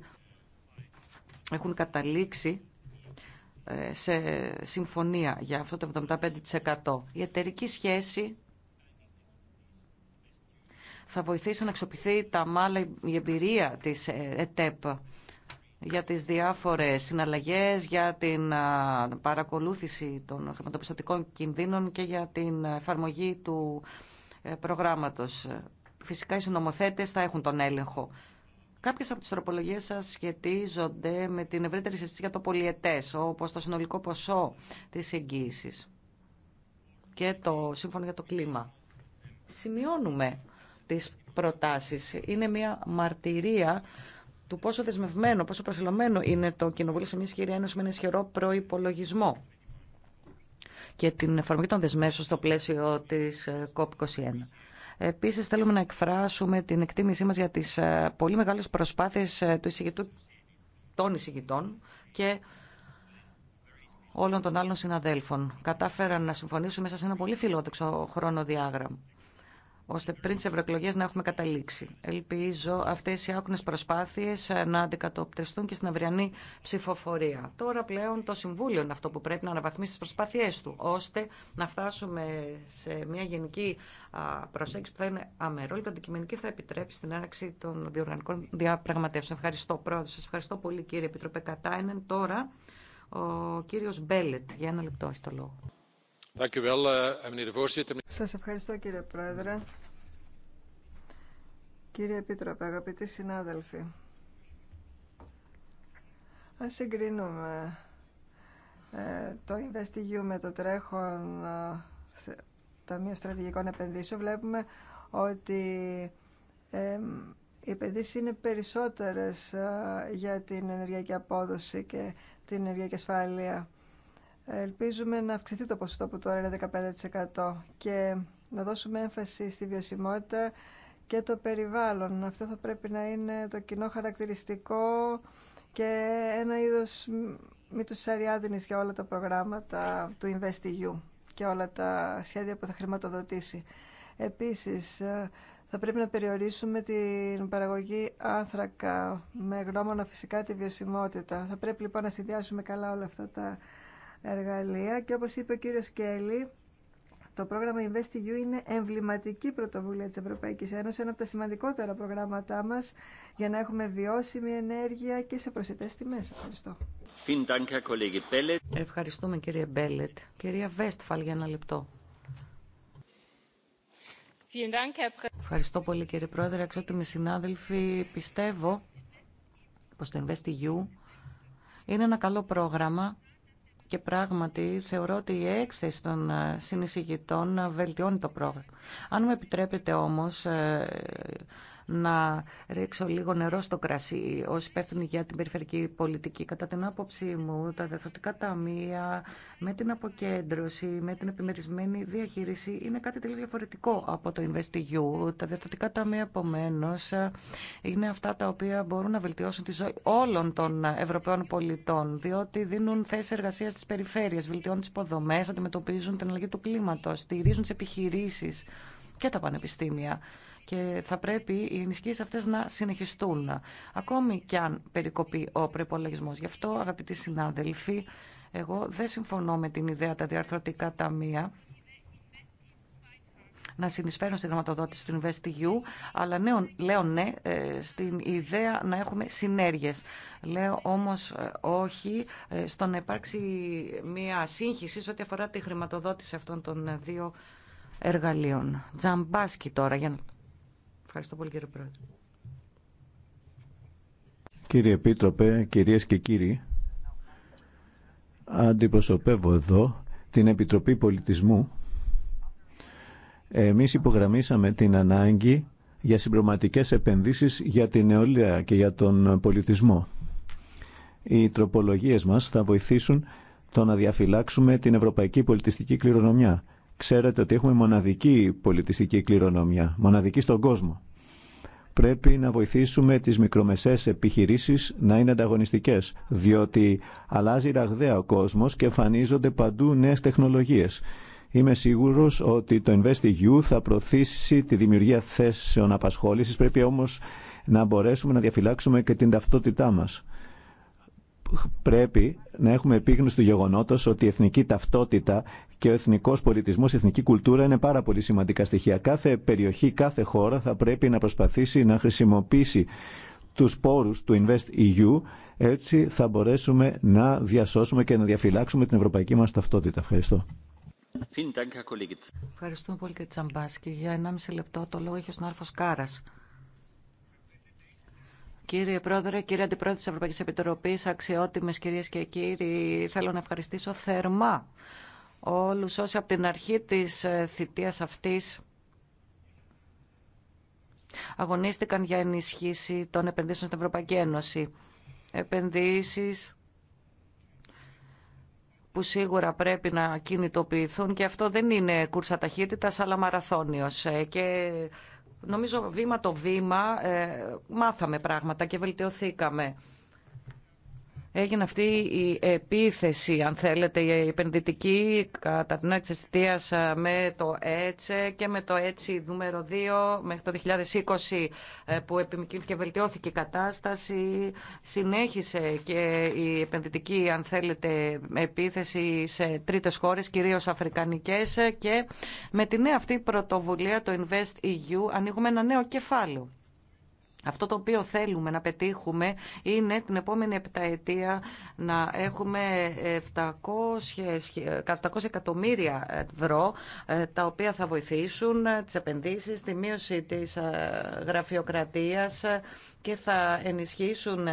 έχουν καταλήξει ε, σε συμφωνία για αυτό το 75%. Η εταιρική σχέση θα βοηθήσει να αξιοποιηθεί τα μάλα η εμπειρία της ε, ΕΤΕΠ για τις διάφορες συναλλαγές, για την παρακολούθηση των χρηματοπιστωτικών κινδύνων και για την εφαρμογή του ε, προγράμματος φυσικά οι συνομοθέτε θα έχουν τον έλεγχο. Κάποιε από τι τροπολογίε σα σχετίζονται με την ευρύτερη συζήτηση για το πολιετέ, όπω το συνολικό ποσό τη εγγύηση και το σύμφωνο για το κλίμα. Σημειώνουμε τις προτάσεις. Είναι μια μαρτυρία του πόσο δεσμευμένο, πόσο προσιλωμένο είναι το Κοινοβούλιο σε μια ισχυρή ένωση με ένα ισχυρό προπολογισμό και την εφαρμογή των δεσμεύσεων στο πλαίσιο της COP21. Ε, Επίσης θέλουμε να εκφράσουμε την εκτίμησή μας για τις ε, πολύ μεγάλες προσπάθειες ε, του εισηγητού, των εισηγητών και όλων των άλλων συναδέλφων. Κατάφεραν να συμφωνήσουν μέσα σε ένα πολύ φιλόδοξο χρόνο διάγραμμα ώστε πριν τι ευρωεκλογέ να έχουμε καταλήξει. Ελπίζω αυτέ οι άκουνε προσπάθειε ε, να αντικατοπτριστούν και στην αυριανή ψηφοφορία. Τώρα πλέον το Συμβούλιο είναι αυτό που πρέπει να αναβαθμίσει τι προσπάθειέ του, ώστε να φτάσουμε σε μια γενική προσέγγιση που θα είναι αμερόληπτη, αντικειμενική, θα επιτρέψει την έναρξη των διοργανικών διαπραγματεύσεων. Ευχαριστώ, Πρόεδρε. Σα ευχαριστώ πολύ, κύριε Επιτροπέ Κατάινεν. Τώρα ο κύριο Μπέλετ, για ένα λεπτό έχει το λόγο. Eh, Σας ευχαριστώ κύριε Πρόεδρε. Κύριε Επίτροπε, αγαπητοί συνάδελφοι, ας συγκρίνουμε ε, το InvestEU με το τρέχον ε, Ταμείο Στρατηγικών Επενδύσεων. Βλέπουμε ότι ε, οι επενδύσεις είναι περισσότερες για την ενεργειακή απόδοση και την ενεργειακή ασφάλεια Ελπίζουμε να αυξηθεί το ποσοστό που τώρα είναι 15% και να δώσουμε έμφαση στη βιωσιμότητα και το περιβάλλον. Αυτό θα πρέπει να είναι το κοινό χαρακτηριστικό και ένα είδος μη του για όλα τα προγράμματα του InvestEU και όλα τα σχέδια που θα χρηματοδοτήσει. Επίσης, θα πρέπει να περιορίσουμε την παραγωγή άνθρακα με γνώμονα φυσικά τη βιωσιμότητα. Θα πρέπει λοιπόν να συνδυάσουμε καλά όλα αυτά τα εργαλεία και όπως είπε ο κύριος Κέλλη, το πρόγραμμα InvestEU είναι εμβληματική πρωτοβουλία της Ευρωπαϊκής Ένωσης, ένα από τα σημαντικότερα προγράμματά μας για να έχουμε βιώσιμη ενέργεια και σε προσιτές τιμές. Ευχαριστώ. Ευχαριστούμε κύριε Μπέλετ. Κυρία Βέστφαλ για ένα λεπτό. Ευχαριστώ πολύ κύριε Πρόεδρε. Αξιότιμοι συνάδελφοι, πιστεύω πως το InvestEU είναι ένα καλό πρόγραμμα και πράγματι θεωρώ ότι η έκθεση των ε, συνεισηγητών ε, βελτιώνει το πρόγραμμα. Αν μου επιτρέπετε όμως ε, να ρίξω λίγο νερό στο κρασί ως υπεύθυνη για την περιφερική πολιτική. Κατά την άποψή μου, τα διευθυντικά ταμεία με την αποκέντρωση, με την επιμερισμένη διαχείριση είναι κάτι τελείως διαφορετικό από το InvestEU. Τα διευθυντικά ταμεία, επομένω, είναι αυτά τα οποία μπορούν να βελτιώσουν τη ζωή όλων των Ευρωπαίων πολιτών, διότι δίνουν θέσει εργασία στι περιφέρειε, βελτιώνουν τι υποδομέ, αντιμετωπίζουν την αλλαγή του κλίματο, στηρίζουν τι επιχειρήσει και τα πανεπιστήμια και θα πρέπει οι ενισχύσει αυτές να συνεχιστούν, ακόμη κι αν περικοπεί ο προπολογισμό. Γι' αυτό, αγαπητοί συνάδελφοι, εγώ δεν συμφωνώ με την ιδέα τα διαρθρωτικά ταμεία να συνεισφέρουν στη χρηματοδότηση του InvestEU, αλλά λέω ναι ε, στην ιδέα να έχουμε συνέργειες. Λέω όμως ε, όχι ε, στο να υπάρξει μια σύγχυση σε ό,τι αφορά τη χρηματοδότηση αυτών των δύο εργαλείων. Τζαμπάσκι τώρα για να... Ευχαριστώ κύριε Πρόεδρε. Κύριε Επίτροπε, κυρίες και κύριοι, αντιπροσωπεύω εδώ την Επιτροπή Πολιτισμού. Εμείς υπογραμμίσαμε την ανάγκη για συμπροματικές επενδύσεις για την νεολαία και για τον πολιτισμό. Οι τροπολογίες μας θα βοηθήσουν το να διαφυλάξουμε την ευρωπαϊκή πολιτιστική κληρονομιά Ξέρετε ότι έχουμε μοναδική πολιτιστική κληρονομιά, μοναδική στον κόσμο. Πρέπει να βοηθήσουμε τις μικρομεσαίες επιχειρήσεις να είναι ανταγωνιστικές, διότι αλλάζει ραγδαία ο κόσμος και εμφανίζονται παντού νέες τεχνολογίες. Είμαι σίγουρος ότι το InvestEU θα προωθήσει τη δημιουργία θέσεων απασχόλησης, πρέπει όμως να μπορέσουμε να διαφυλάξουμε και την ταυτότητά μας πρέπει να έχουμε επίγνωση του γεγονότος ότι η εθνική ταυτότητα και ο εθνικό πολιτισμός, η εθνική κουλτούρα είναι πάρα πολύ σημαντικά στοιχεία. Κάθε περιοχή, κάθε χώρα θα πρέπει να προσπαθήσει να χρησιμοποιήσει τους πόρους του Invest EU, έτσι θα μπορέσουμε να διασώσουμε και να διαφυλάξουμε την ευρωπαϊκή μας ταυτότητα. Ευχαριστώ. Ευχαριστούμε πολύ κύριε Τσαμπάσκη. Για 1,5 λεπτό το λόγο έχει ο συνάδελφος Κάρας. Κύριε Πρόεδρε, κύριε Αντιπρόεδρε της Ευρωπαϊκής Επιτροπής, αξιότιμες κυρίες και κύριοι, θέλω να ευχαριστήσω θερμά όλους όσοι από την αρχή της ε, θητείας αυτής αγωνίστηκαν για ενισχύση των επενδύσεων στην Ευρωπαϊκή Ένωση. Επενδύσεις που σίγουρα πρέπει να κινητοποιηθούν και αυτό δεν είναι κούρσα ταχύτητας αλλά μαραθώνιος. Ε, και νομίζω βήμα το βήμα ε, μάθαμε πράγματα και βελτιωθήκαμε έγινε αυτή η επίθεση, αν θέλετε, η επενδυτική κατά την τη θητεία με το ΕΤΣΕ και με το ΕΤΣΙ νούμερο 2 μέχρι το 2020 ε, που επιμηκύνθηκε και βελτιώθηκε η κατάσταση. Συνέχισε και η επενδυτική, αν θέλετε, επίθεση σε τρίτες χώρες, κυρίως αφρικανικές ε, και με την νέα αυτή πρωτοβουλία, το Invest EU, ανοίγουμε ένα νέο κεφάλαιο αυτό το οποίο θέλουμε να πετύχουμε είναι την επόμενη επταετία να έχουμε 700, εκατομμύρια ευρώ ε, τα οποία θα βοηθήσουν ε, τις επενδύσεις, τη μείωση της ε, γραφειοκρατίας και θα ενισχύσουν,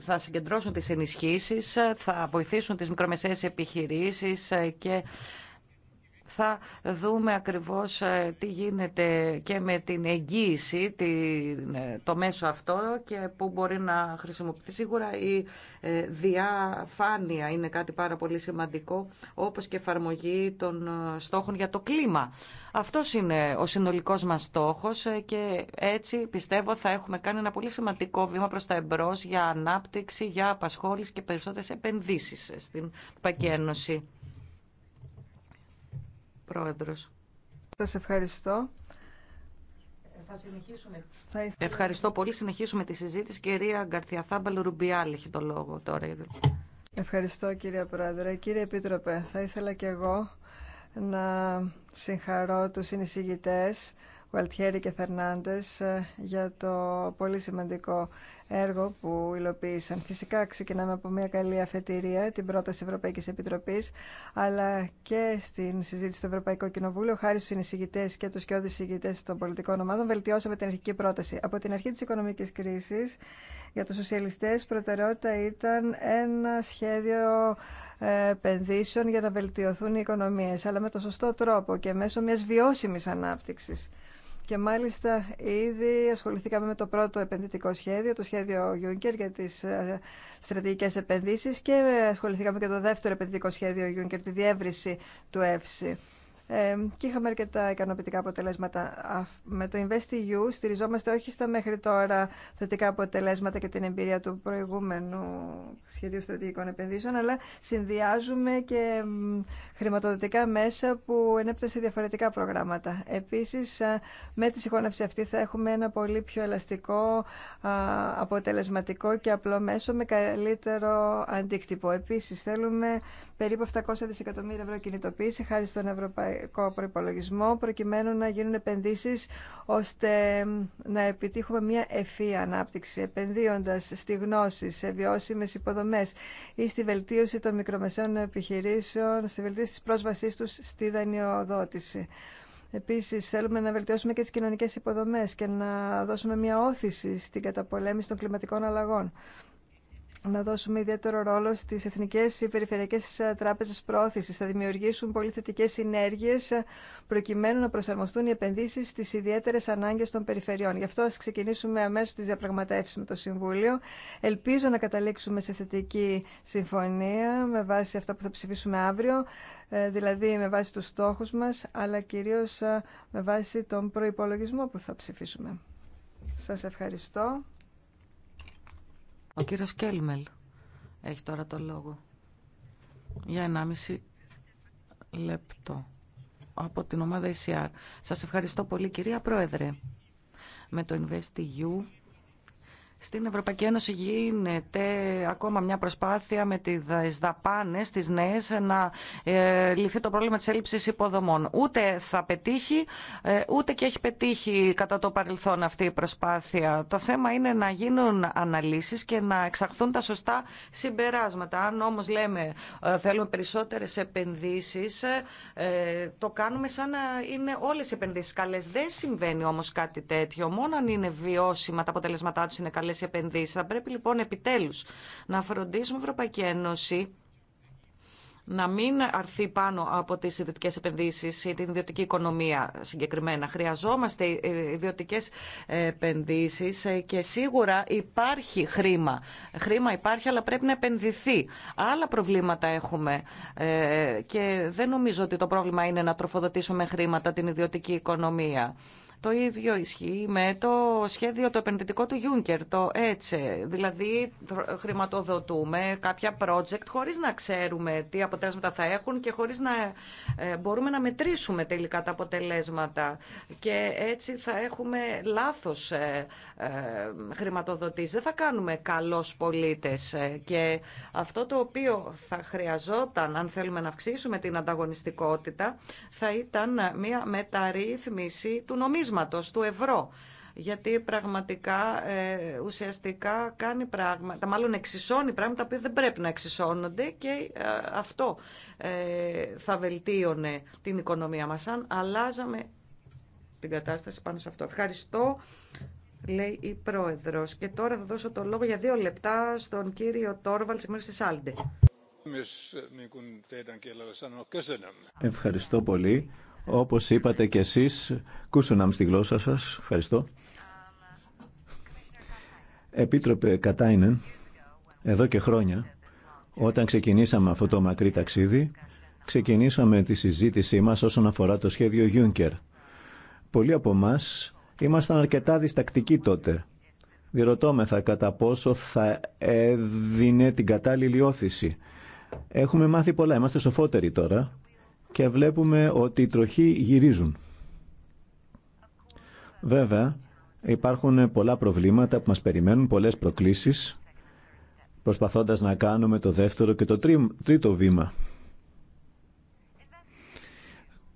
θα συγκεντρώσουν τις ενισχύσεις, θα βοηθήσουν τις μικρομεσαίες επιχειρήσεις και θα δούμε ακριβώς ε, τι γίνεται και με την εγγύηση, ε, το μέσο αυτό και που μπορεί να χρησιμοποιηθεί. Σίγουρα η ε, διαφάνεια είναι κάτι πάρα πολύ σημαντικό, όπως και εφαρμογή των στόχων για το κλίμα. Αυτό είναι ο συνολικός μας στόχος και έτσι πιστεύω θα έχουμε κάνει ένα πολύ σημαντικό βήμα προς τα εμπρός για ανάπτυξη, για απασχόληση και περισσότερες επενδύσεις στην Παγκένωση. Πρόεδρος. Σας ευχαριστώ. Θα συνεχίσουμε. Ευχαριστώ πολύ. Συνεχίσουμε τη συζήτηση. Κυρία Γκαρθιαθάμπαλου Ρουμπιάλ έχει το λόγο τώρα. Ευχαριστώ κύριε Πρόεδρε. Κύριε Επίτροπε, θα ήθελα και εγώ να συγχαρώ τους συνεισηγητές Γουαλτιέρη και Φερνάντες ε, για το πολύ σημαντικό έργο που υλοποίησαν. Φυσικά ξεκινάμε από μια καλή αφετηρία, την πρόταση Ευρωπαϊκή Επιτροπή, αλλά και στην συζήτηση στο Ευρωπαϊκό Κοινοβούλιο, χάρη στους συνεισηγητές και τους κοιόδης συγητές των πολιτικών ομάδων, βελτιώσαμε την αρχική πρόταση. Από την αρχή της οικονομικής κρίσης, για τους σοσιαλιστές, προτεραιότητα ήταν ένα σχέδιο ε, επενδύσεων για να βελτιωθούν οι οικονομίες, αλλά με το σωστό τρόπο και μέσω μιας βιώσιμης ανάπτυξης. Και μάλιστα ήδη ασχοληθήκαμε με το πρώτο επενδυτικό σχέδιο, το σχέδιο Juncker για τις ε, στρατηγικές επενδύσεις και ε, ασχοληθήκαμε και το δεύτερο επενδυτικό σχέδιο Juncker, τη διεύρυνση του ΕΦΣΥ και είχαμε αρκετά ικανοποιητικά αποτελέσματα. Με το InvestEU στηριζόμαστε όχι στα μέχρι τώρα θετικά αποτελέσματα και την εμπειρία του προηγούμενου σχεδίου στρατηγικών επενδύσεων, αλλά συνδυάζουμε και χρηματοδοτικά μέσα που ενέπτασε σε διαφορετικά προγράμματα. Επίση, με τη συγχώνευση αυτή θα έχουμε ένα πολύ πιο ελαστικό, αποτελεσματικό και απλό μέσο με καλύτερο αντίκτυπο. Επίση, θέλουμε περίπου 700 δισεκατομμύρια ευρώ κινητοποίηση χάρη στον Ευρωπαϊκό ευρωπαϊκό προπολογισμό προκειμένου να γίνουν επενδύσει, ώστε να επιτύχουμε μια ευφύ ανάπτυξη επενδύοντα στη γνώση, σε βιώσιμε υποδομέ ή στη βελτίωση των μικρομεσαίων επιχειρήσεων, στη βελτίωση τη πρόσβασή του στη δανειοδότηση. Επίση, θέλουμε να βελτιώσουμε και τι κοινωνικέ υποδομέ και να δώσουμε μια όθηση στην καταπολέμηση των κλιματικών αλλαγών να δώσουμε ιδιαίτερο ρόλο στι εθνικέ περιφερειακέ περιφερειακές ε, τράπεζες Θα δημιουργήσουν πολύ θετικέ συνέργειε ε, προκειμένου να προσαρμοστούν οι επενδύσει στις ιδιαίτερε ανάγκε των περιφερειών. Γι' αυτό α ξεκινήσουμε αμέσω τις διαπραγματεύσει με το Συμβούλιο. Ελπίζω να καταλήξουμε σε θετική συμφωνία με βάση αυτά που θα ψηφίσουμε αύριο, ε, δηλαδή με βάση του στόχου μα, αλλά κυρίω με βάση τον προπολογισμό που θα ψηφίσουμε. Σας ευχαριστώ. Ο κύριος Κέλμελ έχει τώρα το λόγο. Για 1,5 λεπτό. Από την ομάδα ECR. Σας ευχαριστώ πολύ κυρία Πρόεδρε. Με το InvestEU στην Ευρωπαϊκή Ένωση γίνεται ακόμα μια προσπάθεια με τις δαπάνες, τις νέες, να ε, λυθεί το πρόβλημα της έλλειψης υποδομών. Ούτε θα πετύχει, ε, ούτε και έχει πετύχει κατά το παρελθόν αυτή η προσπάθεια. Το θέμα είναι να γίνουν αναλύσεις και να εξαχθούν τα σωστά συμπεράσματα. Αν όμως λέμε ε, θέλουμε περισσότερες επενδύσεις, το κάνουμε σαν να είναι όλες οι επενδύσεις καλές. Δεν συμβαίνει όμως κάτι τέτοιο. Μόνο αν είναι βιώσιμα τα αποτελέσματά του είναι επενδύσει. Θα πρέπει λοιπόν επιτέλου να φροντίσουμε η Ευρωπαϊκή Ένωση να μην αρθεί πάνω από τις ιδιωτικές επενδύσεις ή την ιδιωτική οικονομία συγκεκριμένα. Χρειαζόμαστε ιδιωτικές επενδύσεις και σίγουρα υπάρχει χρήμα. Χρήμα υπάρχει αλλά πρέπει να επενδυθεί. Άλλα προβλήματα έχουμε ε, και δεν νομίζω ότι το πρόβλημα είναι να τροφοδοτήσουμε χρήματα την ιδιωτική οικονομία. Το ίδιο ισχύει με το σχέδιο το επενδυτικό του Juncker, το έτσι. Δηλαδή χρηματοδοτούμε κάποια project χωρίς να ξέρουμε τι αποτελέσματα θα έχουν και χωρίς να ε, μπορούμε να μετρήσουμε τελικά τα αποτελέσματα. Και έτσι θα έχουμε λάθος ε, ε, χρηματοδοτήσει. Δεν θα κάνουμε καλός πολίτες. Και αυτό το οποίο θα χρειαζόταν, αν θέλουμε να αυξήσουμε την ανταγωνιστικότητα, θα ήταν μια μεταρρύθμιση του νομίζω νομίσματος, του ευρώ. Γιατί πραγματικά ε, ουσιαστικά κάνει πράγματα, μάλλον εξισώνει πράγματα που δεν πρέπει να εξισώνονται και ε, αυτό ε, θα βελτίωνε την οικονομία μας αν αλλάζαμε την κατάσταση πάνω σε αυτό. Ευχαριστώ λέει η πρόεδρος. Και τώρα θα δώσω το λόγο για δύο λεπτά στον κύριο Τόρβαλ, συγγνώμη τη Άλντε. Ε, Ευχαριστώ πολύ. Όπως είπατε και εσείς, κούσουναμ στη γλώσσα σας. Ευχαριστώ. Επίτροπε Κατάινεν, εδώ και χρόνια, όταν ξεκινήσαμε αυτό το μακρύ ταξίδι, ξεκινήσαμε τη συζήτησή μας όσον αφορά το σχέδιο Juncker. Πολλοί από εμά ήμασταν αρκετά διστακτικοί τότε. Διρωτώμεθα κατά πόσο θα έδινε την κατάλληλη όθηση. Έχουμε μάθει πολλά, είμαστε σοφότεροι τώρα και βλέπουμε ότι οι τροχοί γυρίζουν. Βέβαια, υπάρχουν πολλά προβλήματα που μας περιμένουν, πολλές προκλήσεις, προσπαθώντας να κάνουμε το δεύτερο και το τρίτο βήμα.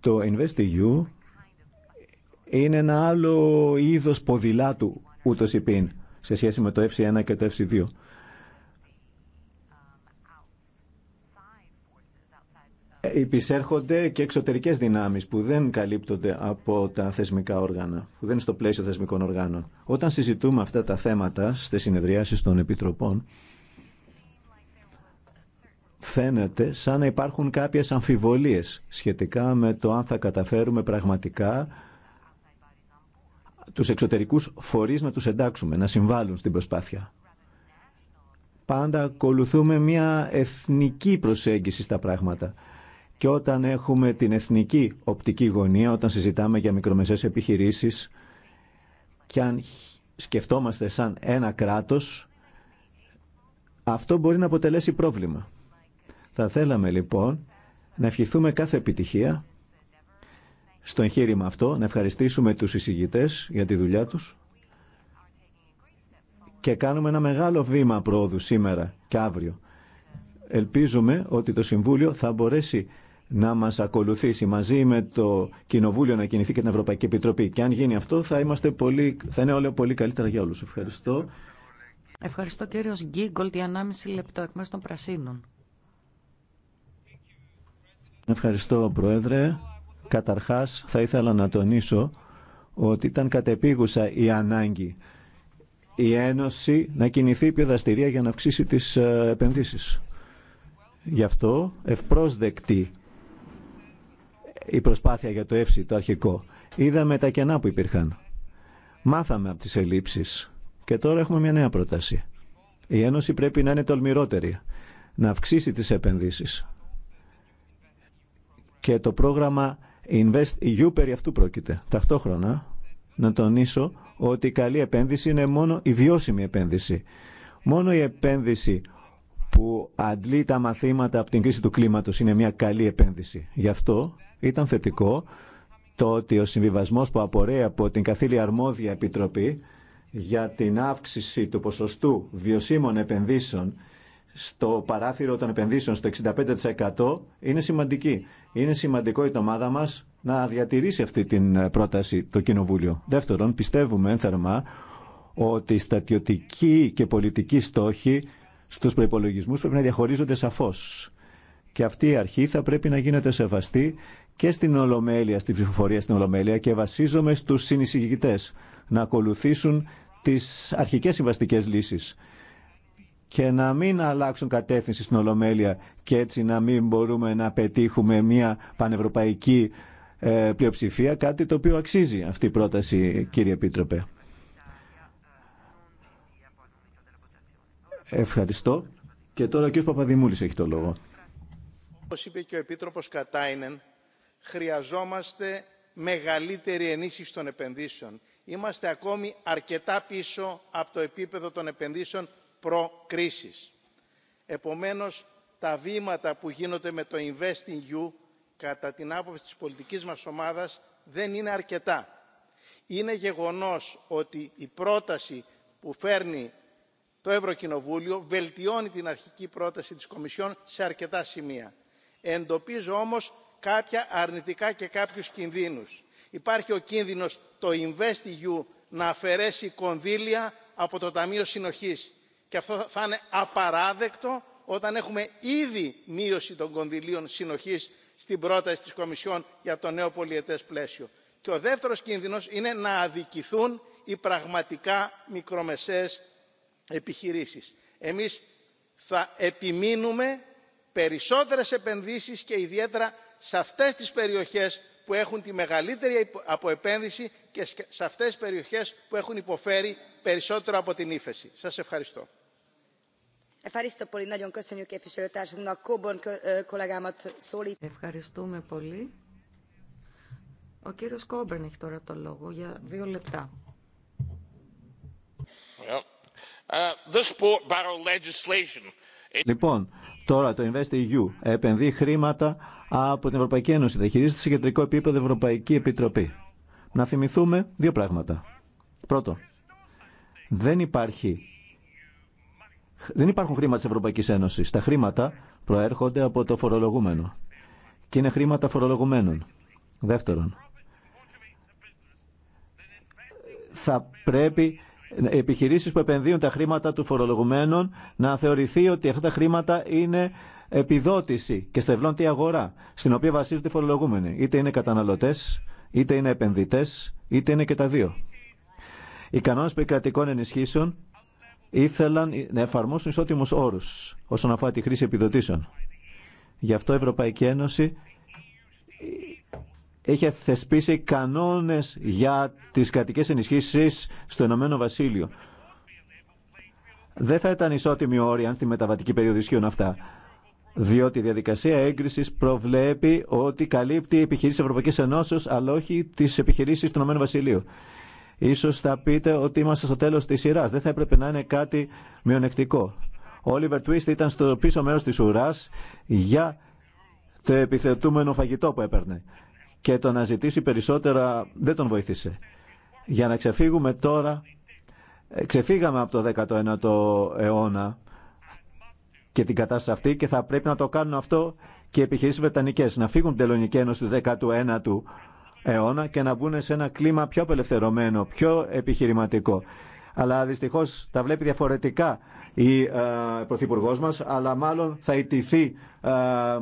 Το InvestEU είναι ένα άλλο είδος ποδηλάτου, ούτως υπήν, σε σχέση με το FC1 και το FC2. υπησέρχονται και εξωτερικές δυνάμεις που δεν καλύπτονται από τα θεσμικά όργανα, που δεν είναι στο πλαίσιο θεσμικών οργάνων. Όταν συζητούμε αυτά τα θέματα στις συνεδριάσεις των Επιτροπών, φαίνεται σαν να υπάρχουν κάποιες αμφιβολίες σχετικά με το αν θα καταφέρουμε πραγματικά τους εξωτερικούς φορείς να τους εντάξουμε, να συμβάλλουν στην προσπάθεια. Πάντα ακολουθούμε μια εθνική προσέγγιση στα πράγματα. Και όταν έχουμε την εθνική οπτική γωνία, όταν συζητάμε για μικρομεσαίες επιχειρήσεις και αν σκεφτόμαστε σαν ένα κράτος, αυτό μπορεί να αποτελέσει πρόβλημα. Θα θέλαμε λοιπόν να ευχηθούμε κάθε επιτυχία στο εγχείρημα αυτό, να ευχαριστήσουμε τους εισηγητές για τη δουλειά τους και κάνουμε ένα μεγάλο βήμα πρόοδου σήμερα και αύριο. Ελπίζουμε ότι το Συμβούλιο θα μπορέσει να μας ακολουθήσει μαζί με το Κοινοβούλιο να κινηθεί και την Ευρωπαϊκή Επιτροπή. Και αν γίνει αυτό θα, είμαστε πολύ, θα είναι όλα πολύ καλύτερα για όλους. Ευχαριστώ. Ευχαριστώ κύριος Γκίγκολτ για 1,5 λεπτό εκ μέρους των Πρασίνων. Ευχαριστώ Πρόεδρε. Καταρχάς θα ήθελα να τονίσω ότι ήταν κατεπίγουσα η ανάγκη η Ένωση να κινηθεί πιο δραστηρία για να αυξήσει τις ε, επενδύσεις. Γι' αυτό ευπρόσδεκτη η προσπάθεια για το έύση το αρχικό. Είδαμε τα κενά που υπήρχαν. Μάθαμε από τις ελλείψεις. Και τώρα έχουμε μια νέα πρόταση. Η Ένωση πρέπει να είναι τολμηρότερη, να αυξήσει τις επενδύσεις. Και το πρόγραμμα Invest EU περί αυτού πρόκειται. Ταυτόχρονα να τονίσω ότι η καλή επένδυση είναι μόνο η βιώσιμη επένδυση. Μόνο η επένδυση που αντλεί τα μαθήματα από την κρίση του κλίματος είναι μια καλή επένδυση. Γι' αυτό ήταν θετικό το ότι ο συμβιβασμός που απορρέει από την καθήλια αρμόδια επιτροπή για την αύξηση του ποσοστού βιωσίμων επενδύσεων στο παράθυρο των επενδύσεων στο 65% είναι σημαντική. Είναι σημαντικό η ομάδα μας να διατηρήσει αυτή την πρόταση το Κοινοβούλιο. Δεύτερον, πιστεύουμε ένθερμα ότι στατιωτικοί και πολιτικοί στόχοι στους προπολογισμού πρέπει να διαχωρίζονται σαφώς. Και αυτή η αρχή θα πρέπει να γίνεται σεβαστή και στην Ολομέλεια, στην ψηφοφορία στην Ολομέλεια και βασίζομαι στους συνεισηγητέ να ακολουθήσουν τις αρχικές συμβαστικέ λύσεις και να μην αλλάξουν κατεύθυνση στην Ολομέλεια και έτσι να μην μπορούμε να πετύχουμε μια πανευρωπαϊκή ε, πλειοψηφία, κάτι το οποίο αξίζει αυτή η πρόταση κύριε Επίτροπε. Ευχαριστώ. Και τώρα ο κ. Παπαδημούλης έχει το λόγο. Όπως είπε και ο Επίτροπος Κατάινεν, χρειαζόμαστε μεγαλύτερη ενίσχυση των επενδύσεων. Είμαστε ακόμη αρκετά πίσω από το επίπεδο των επενδύσεων προ-κρίσης. Επομένως, τα βήματα που γίνονται με το Investing You κατά την άποψη της πολιτικής μας ομάδας, δεν είναι αρκετά. Είναι γεγονός ότι η πρόταση που φέρνει το ευρωκοινοβούλιο βελτιώνει την αρχική πρόταση της κομισιόν σε αρκετά σημεία. εντοπίζω όμως κάποια αρνητικά και κάποιους κινδύνους. υπάρχει ο κίνδυνος το investeu να αφαιρέσει κονδύλια από το ταμείο συνοχής και αυτό θα είναι απαράδεκτο όταν έχουμε ήδη μείωση των κονδυλίων συνοχής στην πρόταση της κομισιόν για το νέο πολιετές πλαίσιο. και ο δεύτερος κίνδυνος είναι να αδικηθούν οι πραγματικά μικρομεσαίες επιχειρήσεις. Εμείς θα επιμείνουμε περισσότερες επενδύσεις και ιδιαίτερα σε αυτές τις περιοχές που έχουν τη μεγαλύτερη αποεπένδυση και σε αυτές τις περιοχές που έχουν υποφέρει περισσότερο από την ύφεση. Σας ευχαριστώ. Ε, Ευχαριστούμε πολύ. Ο κύριος Κόμπερν έχει τώρα το λόγο για δύο λεπτά. Uh, λοιπόν, τώρα το InvestEU επενδύει χρήματα από την Ευρωπαϊκή Ένωση. Θα χειρίζεται σε κεντρικό επίπεδο Ευρωπαϊκή Επιτροπή. Να θυμηθούμε δύο πράγματα. Πρώτο, δεν, υπάρχει, δεν υπάρχουν χρήματα της Ευρωπαϊκής Ένωσης. Τα χρήματα προέρχονται από το φορολογούμενο και είναι χρήματα φορολογουμένων. Δεύτερον, θα πρέπει Επιχειρήσει που επενδύουν τα χρήματα του φορολογουμένων να θεωρηθεί ότι αυτά τα χρήματα είναι επιδότηση και στευλώνεται αγορά στην οποία βασίζονται οι φορολογούμενοι. Είτε είναι καταναλωτές, είτε είναι επενδυτές, είτε είναι και τα δύο. Οι κανόνες περικρατικών ενισχύσεων ήθελαν να εφαρμόσουν ισότιμους όρου όσον αφορά τη χρήση επιδοτήσεων. Γι' αυτό η Ευρωπαϊκή Ένωση είχε θεσπίσει κανόνες για τις κρατικές ενισχύσεις στο Ηνωμένο Βασίλειο. Δεν θα ήταν ισότιμη όρια αν στη μεταβατική περίοδο ισχύουν αυτά. Διότι η διαδικασία έγκρισης προβλέπει ότι καλύπτει επιχειρήσεις Ευρωπαϊκής Ενώσεως, αλλά όχι τις επιχειρήσεις του Ηνωμένου Βασιλείου. Ίσως θα πείτε ότι είμαστε στο τέλος της σειράς. Δεν θα έπρεπε να είναι κάτι μειονεκτικό. Ο Oliver Twist ήταν στο πίσω μέρος της ουράς για το επιθετούμενο φαγητό που έπαιρνε και το να ζητήσει περισσότερα δεν τον βοήθησε. Για να ξεφύγουμε τώρα, ε, ξεφύγαμε από το 19ο αιώνα και την κατάσταση αυτή και θα πρέπει να το κάνουν αυτό και οι επιχειρήσεις Βρετανικές, να φύγουν την Τελωνική Ένωση του 19ου αιώνα και να μπουν σε ένα κλίμα πιο απελευθερωμένο, πιο επιχειρηματικό αλλά δυστυχώ τα βλέπει διαφορετικά η ε, Πρωθυπουργό μα, αλλά μάλλον θα ιτηθεί ε,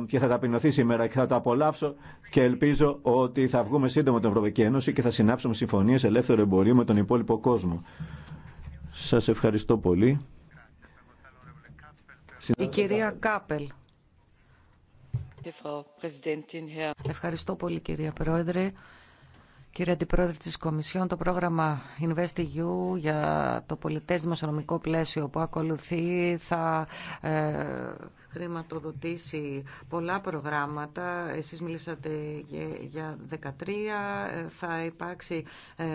και θα ταπεινωθεί σήμερα και θα το απολαύσω και ελπίζω ότι θα βγούμε σύντομα την Ευρωπαϊκή Ένωση και θα συνάψουμε συμφωνίε ελεύθερου εμπορίου με τον υπόλοιπο κόσμο. Σα ευχαριστώ πολύ. Η κυρία Κάπελ. Ευχαριστώ πολύ κυρία Πρόεδρε. Κύριε Αντιπρόεδρε της Κομισιόν, το πρόγραμμα InvestEU για το πολιτές δημοσιονομικό πλαίσιο που ακολουθεί θα ε, χρηματοδοτήσει πολλά προγράμματα. Εσείς μιλήσατε για 13. Θα υπάρξει ε,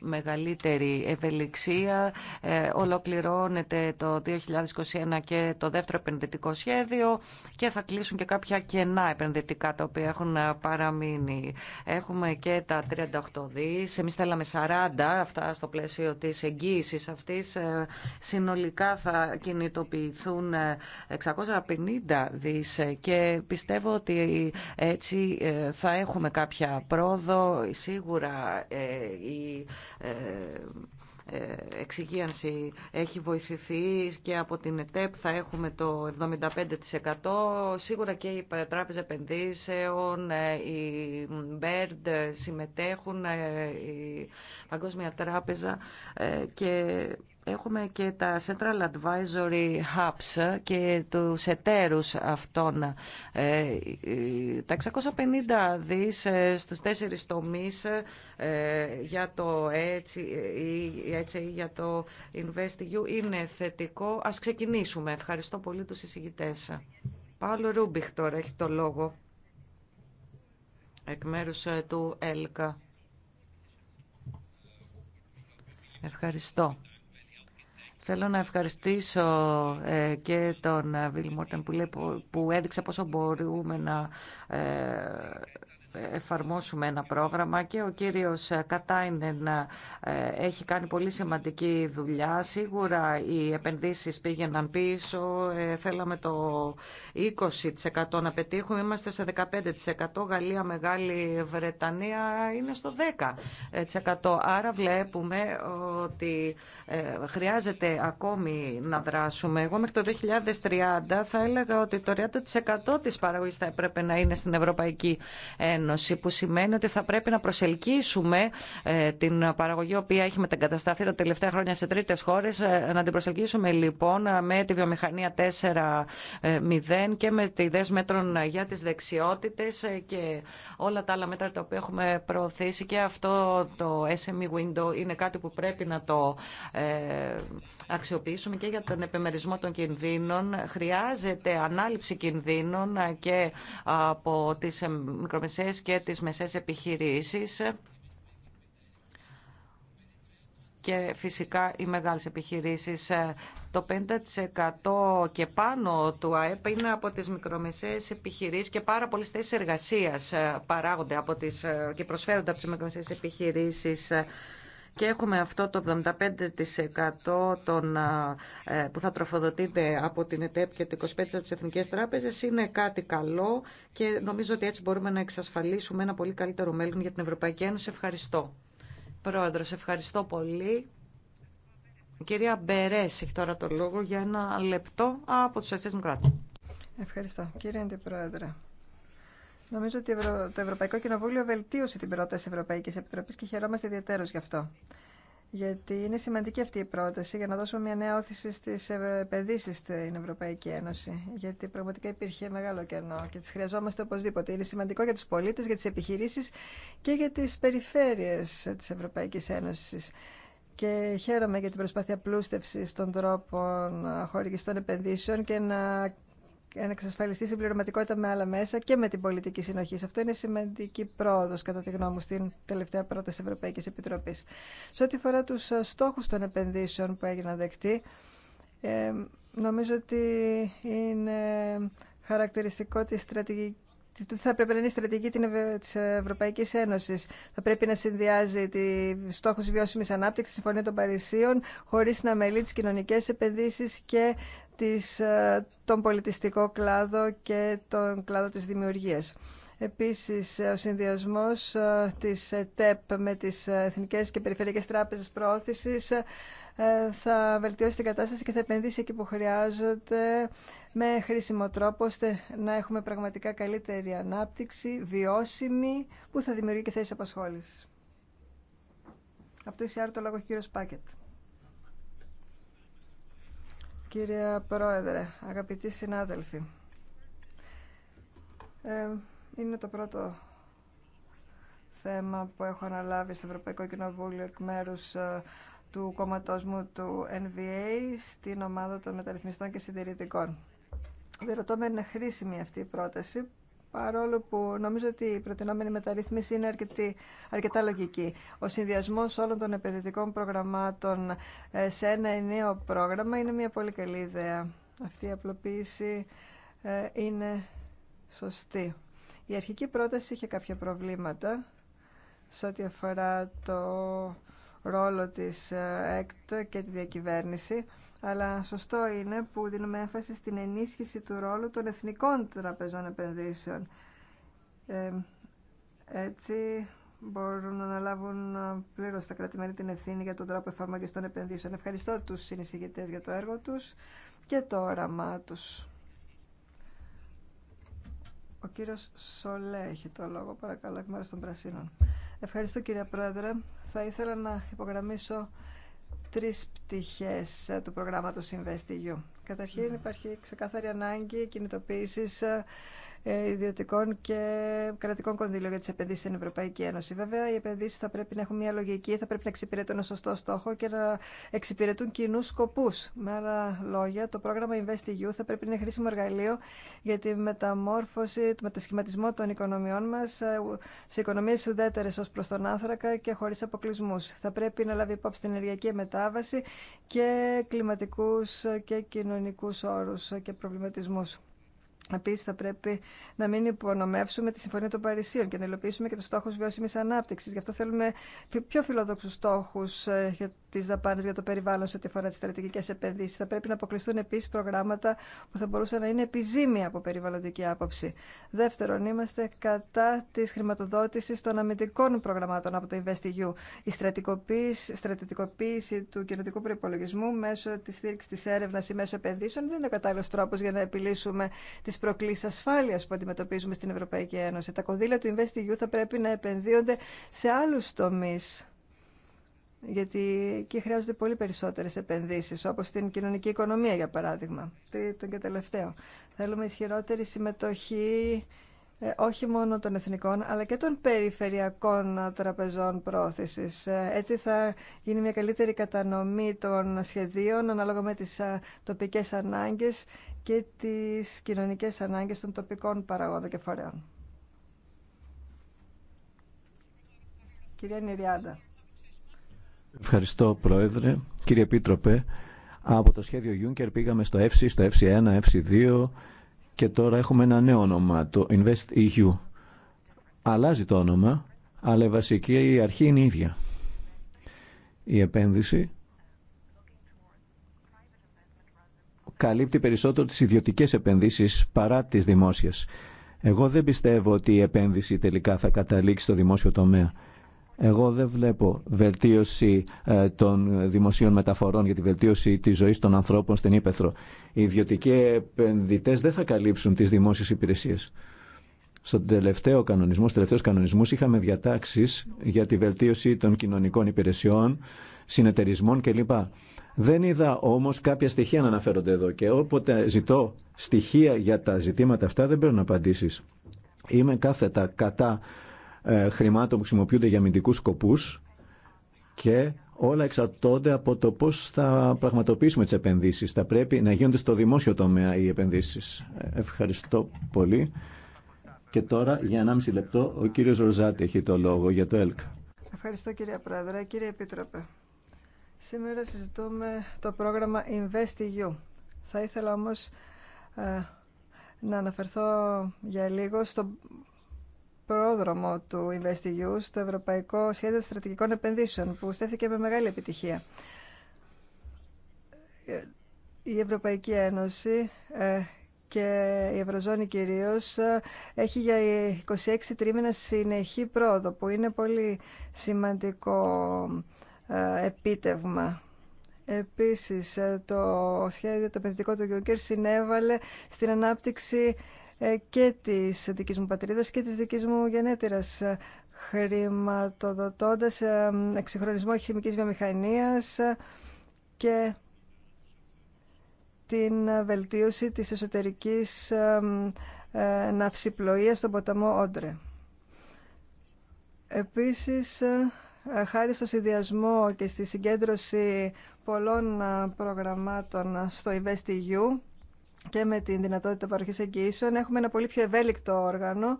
μεγαλύτερη ευελιξία. Ε, ολοκληρώνεται το 2021 και το δεύτερο επενδυτικό σχέδιο και θα κλείσουν και κάποια κενά επενδυτικά τα οποία έχουν παραμείνει. Έχουμε και τα 38 δις. Εμείς θέλαμε 40 αυτά στο πλαίσιο της εγγύησης αυτής. Ε, συνολικά θα κινητοποιηθούν 50 δις και πιστεύω ότι έτσι ε, θα έχουμε κάποια πρόοδο. Σίγουρα ε, η ε, εξυγίανση έχει βοηθηθεί και από την ΕΤΕΠ θα έχουμε το 75%. Σίγουρα και η Τράπεζα Επενδύσεων, η Μπέρντ συμμετέχουν, η Παγκόσμια Τράπεζα και Έχουμε και τα Central Advisory Hubs και τους εταίρους αυτών. Ε, τα 650 δις ε, στους τέσσερις τομείς ε, για το έτσι για το InvestEU είναι θετικό. Ας ξεκινήσουμε. Ευχαριστώ πολύ τους εισηγητές. Παύλο Ρούμπιχ τώρα έχει το λόγο εκ μέρους του ΕΛΚΑ. Ευχαριστώ. Θέλω να ευχαριστήσω ε, και τον ε, Βίλ Μόρτεν που, που έδειξε πόσο μπορούμε να ε, εφαρμόσουμε ένα πρόγραμμα και ο κύριος Κατάινεν ε, έχει κάνει πολύ σημαντική δουλειά. Σίγουρα οι επενδύσεις πήγαιναν πίσω, ε, θέλαμε το 20% να πετύχουμε, είμαστε σε 15%, Γαλλία, Μεγάλη Βρετανία είναι στο 10%. Άρα βλέπουμε ότι ε, χρειάζεται ακόμη να δράσουμε. Εγώ μέχρι το 2030 θα έλεγα ότι το 30% της παραγωγής θα έπρεπε να είναι στην Ευρωπαϊκή Ένωση που σημαίνει ότι θα πρέπει να προσελκύσουμε ε, την παραγωγή, η οποία έχει μετεγκατασταθεί τα τελευταία χρόνια σε τρίτε χώρε, ε, να την προσελκύσουμε λοιπόν ε, με τη βιομηχανία 4.0 και με τη ιδέε μέτρων για τι δεξιότητε και όλα τα άλλα μέτρα τα οποία έχουμε προωθήσει. Και αυτό το SME Window είναι κάτι που πρέπει να το αξιοποιήσουμε και για τον επιμερισμό των κινδύνων. Χρειάζεται ανάληψη κινδύνων και από τι μικρομεσαίες και τις μεσές επιχειρήσεις και φυσικά οι μεγάλες επιχειρήσεις. Το 5% και πάνω του ΑΕΠ είναι από τις μικρομεσαίες επιχειρήσεις και πάρα πολλές θέσεις εργασίας παράγονται από τις, και προσφέρονται από τις μικρομεσαίες επιχειρήσεις και έχουμε αυτό το 75% των, ε, που θα τροφοδοτείται από την ΕΤΕΠ και το 25% από τις Εθνικές Τράπεζες είναι κάτι καλό και νομίζω ότι έτσι μπορούμε να εξασφαλίσουμε ένα πολύ καλύτερο μέλλον για την Ευρωπαϊκή Ένωση. Ευχαριστώ. Πρόεδρος, ευχαριστώ πολύ. Η κυρία Μπερές έχει τώρα το λόγο για ένα λεπτό από τους Αστές Δημοκράτες. Ευχαριστώ. Κύριε Αντιπρόεδρε. Νομίζω ότι το Ευρωπαϊκό Κοινοβούλιο βελτίωσε την πρόταση Ευρωπαϊκή Επιτροπή και χαιρόμαστε ιδιαίτερω γι' αυτό. Γιατί είναι σημαντική αυτή η πρόταση για να δώσουμε μια νέα όθηση στι ε, επενδύσει στην Ευρωπαϊκή Ένωση. Γιατί πραγματικά υπήρχε μεγάλο κενό και τι χρειαζόμαστε οπωσδήποτε. Είναι σημαντικό για του πολίτε, για τι επιχειρήσει και για τι περιφέρειε τη Ευρωπαϊκή Ένωση. Και χαίρομαι για την προσπάθεια πλούστευση των τρόπων χορηγιστών επενδύσεων και να και να εξασφαλιστεί συμπληρωματικότητα με άλλα μέσα και με την πολιτική συνοχή. Αυτό είναι σημαντική πρόοδο, κατά τη γνώμη μου, στην τελευταία πρόταση Ευρωπαϊκή Επιτροπή. Σε ό,τι αφορά του ε, στόχου των επενδύσεων που έγιναν δεκτοί, ε, νομίζω ότι είναι χαρακτηριστικό τη στρατηγική θα πρέπει να είναι η στρατηγική τη Ευρωπαϊκή Ένωση. Θα πρέπει να συνδυάζει στόχου βιώσιμη ανάπτυξη, τη Συμφωνία των Παρισίων, χωρί να μελεί τι κοινωνικέ επενδύσει και της ε, τον πολιτιστικό κλάδο και τον κλάδο της δημιουργίας. Επίσης, ε, ο συνδυασμός ε, της ΤΕΠ με τις Εθνικές και Περιφερειακές Τράπεζες Προώθησης θα βελτιώσει την κατάσταση και θα επενδύσει εκεί που χρειάζονται με χρήσιμο τρόπο ώστε να έχουμε πραγματικά καλύτερη ανάπτυξη, βιώσιμη, που θα δημιουργεί και θέσεις απασχόλησης. Από το ECR το λόγο Κύριε Πρόεδρε, αγαπητοί συνάδελφοι, ε, είναι το πρώτο θέμα που έχω αναλάβει στο Ευρωπαϊκό Κοινοβούλιο εκ μέρους ε, του κόμματός μου του NVA στην ομάδα των μεταρρυθμιστών και συντηρητικών. Δεν ρωτώ με είναι χρήσιμη αυτή η πρόταση παρόλο που νομίζω ότι η προτινόμενη μεταρρύθμιση είναι αρκετά λογική. Ο συνδυασμό όλων των επενδυτικών προγραμμάτων ε, σε ένα ενίο πρόγραμμα είναι μια πολύ καλή ιδέα. Αυτή η απλοποίηση ε, είναι σωστή. Η αρχική πρόταση είχε κάποια προβλήματα σε ό,τι αφορά το ρόλο της ε, ΕΚΤ και τη διακυβέρνηση. Αλλά σωστό είναι που δίνουμε έμφαση στην ενίσχυση του ρόλου των εθνικών τραπεζών επενδύσεων. Ε, έτσι μπορούν να λάβουν πλήρως τα κρατημένη την ευθύνη για τον τρόπο εφαρμογή των επενδύσεων. Ευχαριστώ τους συνεισηγητές για το έργο τους και το όραμά τους. Ο κύριος Σολέ έχει το λόγο, παρακαλώ, εκ μέρους των Πρασίνων. Ευχαριστώ κύριε Πρόεδρε. Θα ήθελα να υπογραμμίσω τρεις πτυχές ε, του προγράμματος InvestEU. Καταρχήν υπάρχει ξεκάθαρη ανάγκη κινητοποίησης ε, ε, ιδιωτικών και κρατικών κονδύλων για τι επενδύσει στην Ευρωπαϊκή Ένωση. Βέβαια, οι επενδύσει θα πρέπει να έχουν μια λογική, θα πρέπει να εξυπηρετούν ένα σωστό στόχο και να εξυπηρετούν κοινού σκοπού. Με άλλα λόγια, το πρόγραμμα InvestEU θα πρέπει να είναι χρήσιμο εργαλείο για τη μεταμόρφωση, το μετασχηματισμό των οικονομιών μα ε, σε οικονομίε ουδέτερε ω προ τον άνθρακα και χωρί αποκλεισμού. Θα πρέπει να λάβει υπόψη την ενεργειακή μετάβαση και κλιματικού και κοινωνικού όρου και προβληματισμού. Επίση, θα πρέπει να μην υπονομεύσουμε τη Συμφωνία των Παρισίων και να υλοποιήσουμε και του στόχου βιώσιμη ανάπτυξη. Γι' αυτό θέλουμε πιο φιλόδοξου στόχου ε, τι δαπάνε για το περιβάλλον σε ό,τι αφορά τι στρατηγικέ επενδύσει. Θα πρέπει να αποκλειστούν επίση προγράμματα που θα μπορούσαν να είναι επιζήμια από περιβαλλοντική άποψη. Δεύτερον, είμαστε κατά τη χρηματοδότηση των αμυντικών προγραμμάτων από το InvestEU. Η στρατιωτικοποίηση του κοινοτικού προπολογισμού μέσω τη στήριξη τη έρευνα ή μέσω επενδύσεων δεν είναι ο κατάλληλο τρόπο για να επιλύσουμε τι προκλήσει ασφάλεια που αντιμετωπίζουμε στην Ευρωπαϊκή Ένωση. Τα κονδύλια του InvestEU θα πρέπει να επενδύονται σε άλλου τομεί γιατί εκεί χρειάζονται πολύ περισσότερες επενδύσεις, όπως στην κοινωνική οικονομία, για παράδειγμα. Τρίτον και τελευταίο. Θέλουμε ισχυρότερη συμμετοχή ε, όχι μόνο των εθνικών, αλλά και των περιφερειακών τραπεζών πρόθεσης. Ε, έτσι θα γίνει μια καλύτερη κατανομή των σχεδίων ανάλογα με τι τοπικές ανάγκε και τι κοινωνικέ ανάγκε των τοπικών παραγόντων και φορέων. Κυρία Ευχαριστώ, Πρόεδρε. Κύριε Επίτροπε, από το σχέδιο Juncker πήγαμε στο FC, στο FC1, FC2 και τώρα έχουμε ένα νέο όνομα, το Invest EU. Αλλάζει το όνομα, αλλά η βασική η αρχή είναι η ίδια. Η επένδυση καλύπτει περισσότερο τις ιδιωτικές επενδύσεις παρά τις δημόσιες. Εγώ δεν πιστεύω ότι η επένδυση τελικά θα καταλήξει στο δημόσιο τομέα. Εγώ δεν βλέπω βελτίωση ε, των δημοσίων μεταφορών για τη βελτίωση τη ζωή των ανθρώπων στην Ήπεθρο. Οι ιδιωτικοί επενδυτέ δεν θα καλύψουν τι δημόσιε υπηρεσίε. Στον τελευταίο κανονισμό, στους τελευταίους είχαμε διατάξει για τη βελτίωση των κοινωνικών υπηρεσιών, συνεταιρισμών κλπ. Δεν είδα όμω κάποια στοιχεία να αναφέρονται εδώ και όποτε ζητώ στοιχεία για τα ζητήματα αυτά δεν παίρνω απαντήσει. Είμαι κάθετα κατά ε, χρημάτων που χρησιμοποιούνται για αμυντικούς σκοπούς και όλα εξαρτώνται από το πώς θα πραγματοποιήσουμε τις επενδύσεις. Θα πρέπει να γίνονται στο δημόσιο τομέα οι επενδύσεις. Ε, ευχαριστώ πολύ. Και τώρα για 1,5 λεπτό ο κύριος Ροζάτη έχει το λόγο για το ΕΛΚ. Ευχαριστώ κύριε Πρόεδρε. Κύριε Επίτροπε, σήμερα συζητούμε το πρόγραμμα InvestEU. Θα ήθελα όμως ε, να αναφερθώ για λίγο στο πρόδρομο του InvestEU στο Ευρωπαϊκό Σχέδιο Στρατηγικών Επενδύσεων που στέθηκε με μεγάλη επιτυχία. Η Ευρωπαϊκή Ένωση ε, και η Ευρωζώνη κυρίως ε, έχει για 26 τρίμηνα συνεχή πρόοδο που είναι πολύ σημαντικό ε, επίτευγμα. Επίσης, το σχέδιο το επενδυτικό του Γιούγκερ συνέβαλε στην ανάπτυξη ε, και της δικής μου πατρίδας και της δικής μου γενέτειρας ε, χρηματοδοτώντας ε, εξυγχρονισμό χημικής βιομηχανίας και την βελτίωση της εσωτερικής ναυσιπλοείας στον ποταμό Όντρε. Επίσης, χάρη στο συνδυασμό και στη συγκέντρωση πολλών προγραμμάτων στο InvestEU, και με την δυνατότητα παροχής εγγυήσεων έχουμε ένα πολύ πιο ευέλικτο όργανο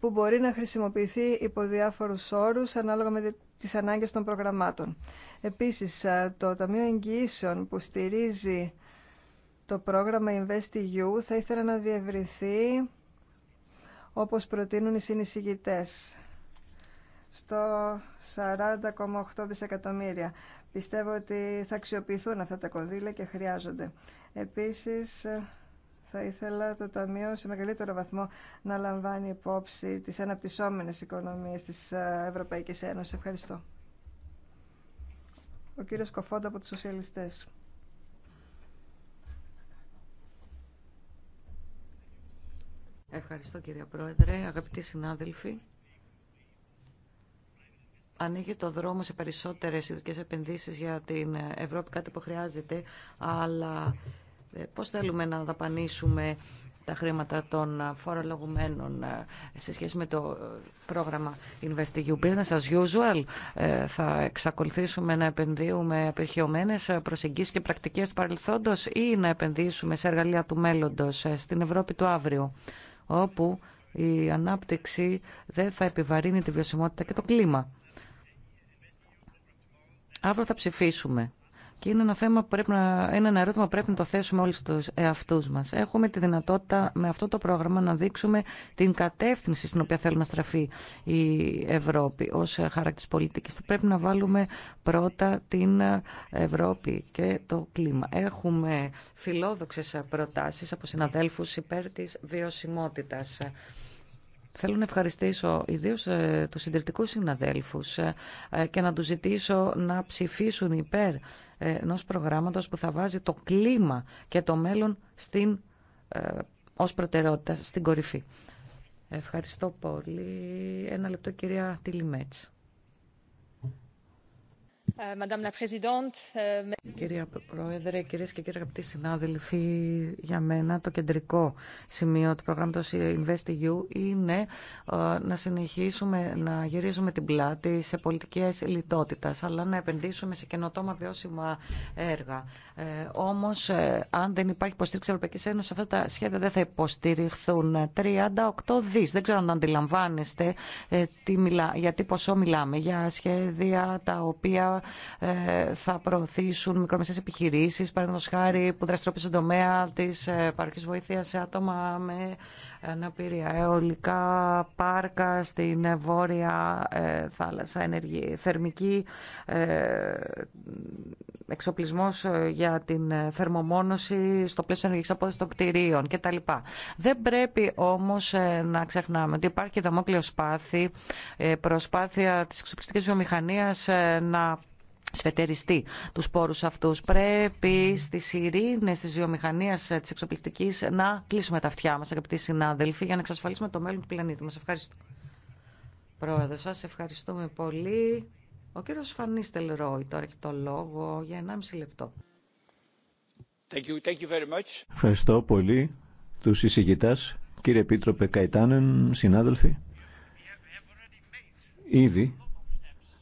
που μπορεί να χρησιμοποιηθεί υπό διάφορους όρους ανάλογα με τις ανάγκες των προγραμμάτων. Επίσης, το Ταμείο Εγγυήσεων που στηρίζει το πρόγραμμα InvestEU θα ήθελα να διευρυνθεί όπως προτείνουν οι συνεισηγητές στο 40,8 δισεκατομμύρια. Πιστεύω ότι θα αξιοποιηθούν αυτά τα κονδύλια και χρειάζονται. Επίσης, θα ήθελα το Ταμείο σε μεγαλύτερο βαθμό να λαμβάνει υπόψη τις αναπτυσσόμενες οικονομίες της ε, Ευρωπαϊκής Ένωσης. Ευχαριστώ. Ο κύριος Κοφόντα από τους Σοσιαλιστές. Ευχαριστώ κύριε Πρόεδρε, αγαπητοί συνάδελφοι. Ανοίγει το δρόμο σε περισσότερες ειδικέ επενδύσεις για την Ευρώπη, κάτι που χρειάζεται, αλλά ε, πώς θέλουμε να δαπανίσουμε τα χρήματα των φορολογουμένων ε, σε σχέση με το ε, πρόγραμμα InvestEU Business as usual. Θα εξακολουθήσουμε να επενδύουμε απερχαιωμένες προσεγγίσεις και πρακτικές του παρελθόντος ή να επενδύσουμε σε εργαλεία του μέλλοντος, στην Ευρώπη του αύριο, όπου η ανάπτυξη δεν θα επιβαρύνει τη βιωσιμότητα και το κλίμα. Αύριο θα ψηφίσουμε και είναι ένα, θέμα πρέπει να, είναι ένα ερώτημα που πρέπει να το θέσουμε όλοι στους εαυτού μας. Έχουμε τη δυνατότητα με αυτό το πρόγραμμα να δείξουμε την κατεύθυνση στην οποία θέλει να στραφεί η Ευρώπη ως πολιτική. Θα Πρέπει να βάλουμε πρώτα την Ευρώπη και το κλίμα. Έχουμε φιλόδοξες προτάσει από συναδέλφου υπέρ τη βιωσιμότητα. Θέλω να ευχαριστήσω ιδίως ε, τους συντηρητικούς συναδέλφους ε, ε, και να τους ζητήσω να ψηφίσουν υπέρ ενός προγράμματος που θα βάζει το κλίμα και το μέλλον στην, ως προτεραιότητα στην κορυφή. Ευχαριστώ πολύ. Ένα λεπτό κυρία Τιλιμέτς. Ε, ε, Κυρία Πρόεδρε, κυρίες και κύριοι αγαπητοί συνάδελφοι, για μένα το κεντρικό σημείο του προγράμματος InvestEU είναι ε, να συνεχίσουμε να γυρίζουμε την πλάτη σε πολιτικές λιτότητας, αλλά να επενδύσουμε σε καινοτόμα βιώσιμα έργα. Όμω, όμως, αν δεν υπάρχει υποστήριξη Ευρωπαϊκής Ένωσης, αυτά τα σχέδια δεν θα υποστηριχθούν. 38 δις, δεν ξέρω αν αντιλαμβάνεστε τι γιατί ποσό μιλάμε, για σχέδια τα οποία ε, θα προωθήσουν μικρομεσαίες επιχειρήσεις, παραδείγματο χάρη που δραστηριοποιεί στον τομέα της ε, παροχής βοήθειας σε άτομα με αναπηρία, αεολικά, πάρκα στην βόρεια ε, θάλασσα, ενεργή, θερμική, εξοπλισμός για την θερμομόνωση στο πλαίσιο ενεργής απόδοσης των κτηρίων κτλ. Δεν πρέπει όμως να ξεχνάμε ότι υπάρχει και δαμόκλειο σπάθη, προσπάθεια της εξοπλιστικής βιομηχανίας να σφετεριστεί του πόρους αυτού. Πρέπει στι ειρήνε τη Βιομηχανία ε, τη εξοπλιστική να κλείσουμε τα αυτιά μας, αγαπητοί συνάδελφοι, για να εξασφαλίσουμε το μέλλον του πλανήτη Μα. Ευχαριστώ. Πρόεδρο, σα ευχαριστούμε πολύ. Ο κύριο Φανίστελ Ρόι τώρα έχει το λόγο για 1,5 λεπτό. Thank you, thank you very much. Ευχαριστώ πολύ Του συζητητέ, κύριε Επίτροπε Καϊτάνεν, συνάδελφοι. Ήδη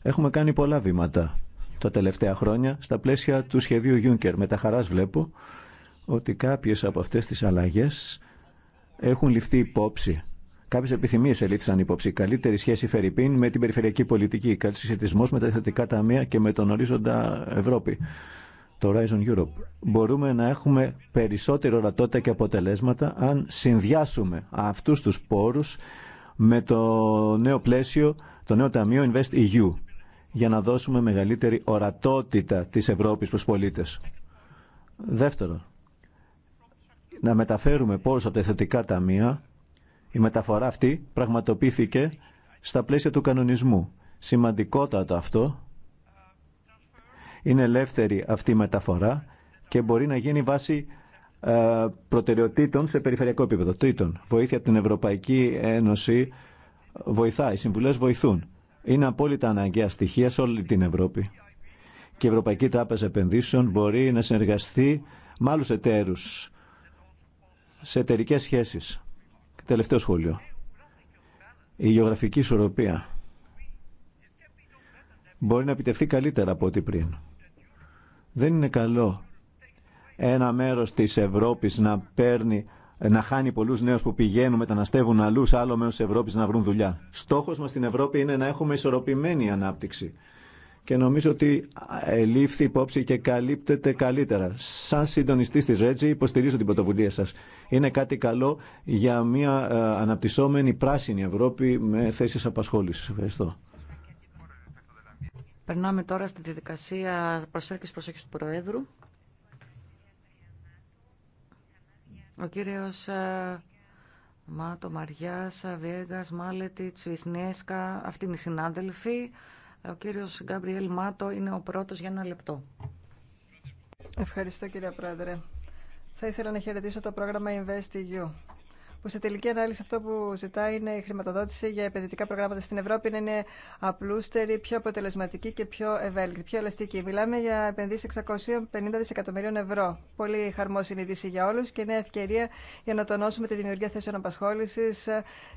έχουμε κάνει πολλά βήματα τα τελευταία χρόνια στα πλαίσια του σχεδίου Juncker. Με τα χαράς βλέπω ότι κάποιες από αυτές τις αλλαγές έχουν ληφθεί υπόψη. Κάποιε επιθυμίε ελήφθησαν υπόψη. Καλύτερη σχέση Φερρυπίν με την περιφερειακή πολιτική, καλύτερο συσχετισμό με τα θετικά ταμεία και με τον ορίζοντα Ευρώπη, το Horizon Europe. Μπορούμε να έχουμε περισσότερη ορατότητα και αποτελέσματα αν συνδυάσουμε αυτού του πόρου με το νέο πλαίσιο, το νέο ταμείο Invest EU για να δώσουμε μεγαλύτερη ορατότητα της Ευρώπης προς πολίτες. Δεύτερον, να μεταφέρουμε πόρους από τα μία. ταμεία. Η μεταφορά αυτή πραγματοποιήθηκε στα πλαίσια του κανονισμού. Σημαντικότατο αυτό είναι ελεύθερη αυτή η μεταφορά και μπορεί να γίνει βάση ε, προτεραιοτήτων σε περιφερειακό επίπεδο. Τρίτον, βοήθεια από την Ευρωπαϊκή Ένωση βοηθάει, οι συμβουλές βοηθούν είναι απόλυτα αναγκαία στοιχεία σε όλη την Ευρώπη. Και η Ευρωπαϊκή Τράπεζα Επενδύσεων μπορεί να συνεργαστεί με άλλου εταίρου σε εταιρικέ σχέσει. Τελευταίο σχόλιο. Η γεωγραφική ισορροπία μπορεί να επιτευχθεί καλύτερα από ό,τι πριν. Δεν είναι καλό ένα μέρος της Ευρώπης να παίρνει ε, να χάνει πολλού νέου που πηγαίνουν, μεταναστεύουν αλλού, άλλο μέρο τη Ευρώπη να βρουν δουλειά. Στόχο μα στην Ευρώπη είναι να έχουμε ισορροπημένη ανάπτυξη. Και νομίζω ότι ελήφθη υπόψη και καλύπτεται καλύτερα. Σαν συντονιστή τη Ρέτζη, υποστηρίζω την πρωτοβουλία σα. Είναι κάτι καλό για μια ε, αναπτυσσόμενη πράσινη Ευρώπη με θέσει απασχόληση. Ευχαριστώ. Περνάμε τώρα στη διαδικασία προσέγγιση προσέγγιση του Προέδρου. Ο κύριος ε, Μάτο Μαριά, Βιέγκας, Μάλετη, Τσουισνέσκα, αυτοί είναι οι συνάδελφοι. Ο κύριος Γκάμπριελ Μάτο είναι ο πρώτος για ένα λεπτό. Ευχαριστώ κύριε Πρόεδρε. Θα ήθελα να χαιρετήσω το πρόγραμμα InvestEU που σε τελική ανάλυση αυτό που ζητάει είναι η χρηματοδότηση για επενδυτικά προγράμματα στην Ευρώπη να είναι απλούστερη, πιο αποτελεσματική και πιο ευέλικτη, πιο ελαστική. Μιλάμε για επενδύσει 650 δισεκατομμυρίων ευρώ. Πολύ χαρμόσυνη ειδήση για όλου και νέα ευκαιρία για να τονώσουμε τη δημιουργία θέσεων απασχόληση,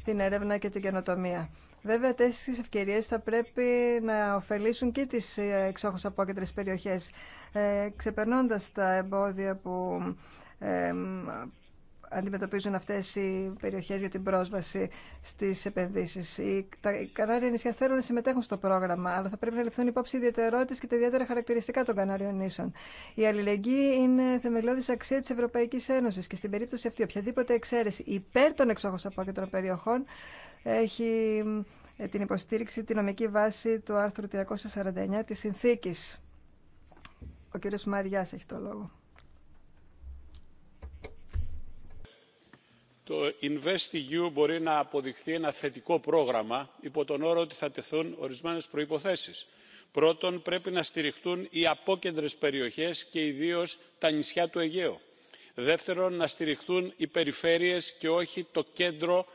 την έρευνα και την καινοτομία. Βέβαια, τέτοιε ευκαιρίε θα πρέπει να ωφελήσουν και τι εξόχω απόκεντρε περιοχέ, ε, ε ξεπερνώντα τα εμπόδια που ε, αντιμετωπίζουν αυτές οι περιοχές για την πρόσβαση στις επενδύσεις. Οι, τα Κανάρια νησιά θέλουν να συμμετέχουν στο πρόγραμμα, αλλά θα πρέπει να λεφθούν υπόψη οι ιδιαιτερότητες και τα ιδιαίτερα χαρακτηριστικά των Κανάριων νήσων. Η αλληλεγγύη είναι θεμελιώδης αξία της Ευρωπαϊκής Ένωσης και στην περίπτωση αυτή οποιαδήποτε εξαίρεση υπέρ των εξόχως απόκεντρων περιοχών έχει ε, την υποστήριξη, τη νομική βάση του άρθρου 349 της Συνθήκης. Ο κύριος Μαριάς έχει το λόγο. το investeu μπορεί να αποδειχθεί ένα θετικό πρόγραμμα υπό τον όρο ότι θα τεθούν ορισμένες προϋποθέσεις. πρώτον πρέπει να στηριχτούν οι απόκεντρες περιοχές και ιδίως τα νησιά του αιγαίου. δεύτερον να στηριχτούν οι περιφέρειες και όχι το κέντρο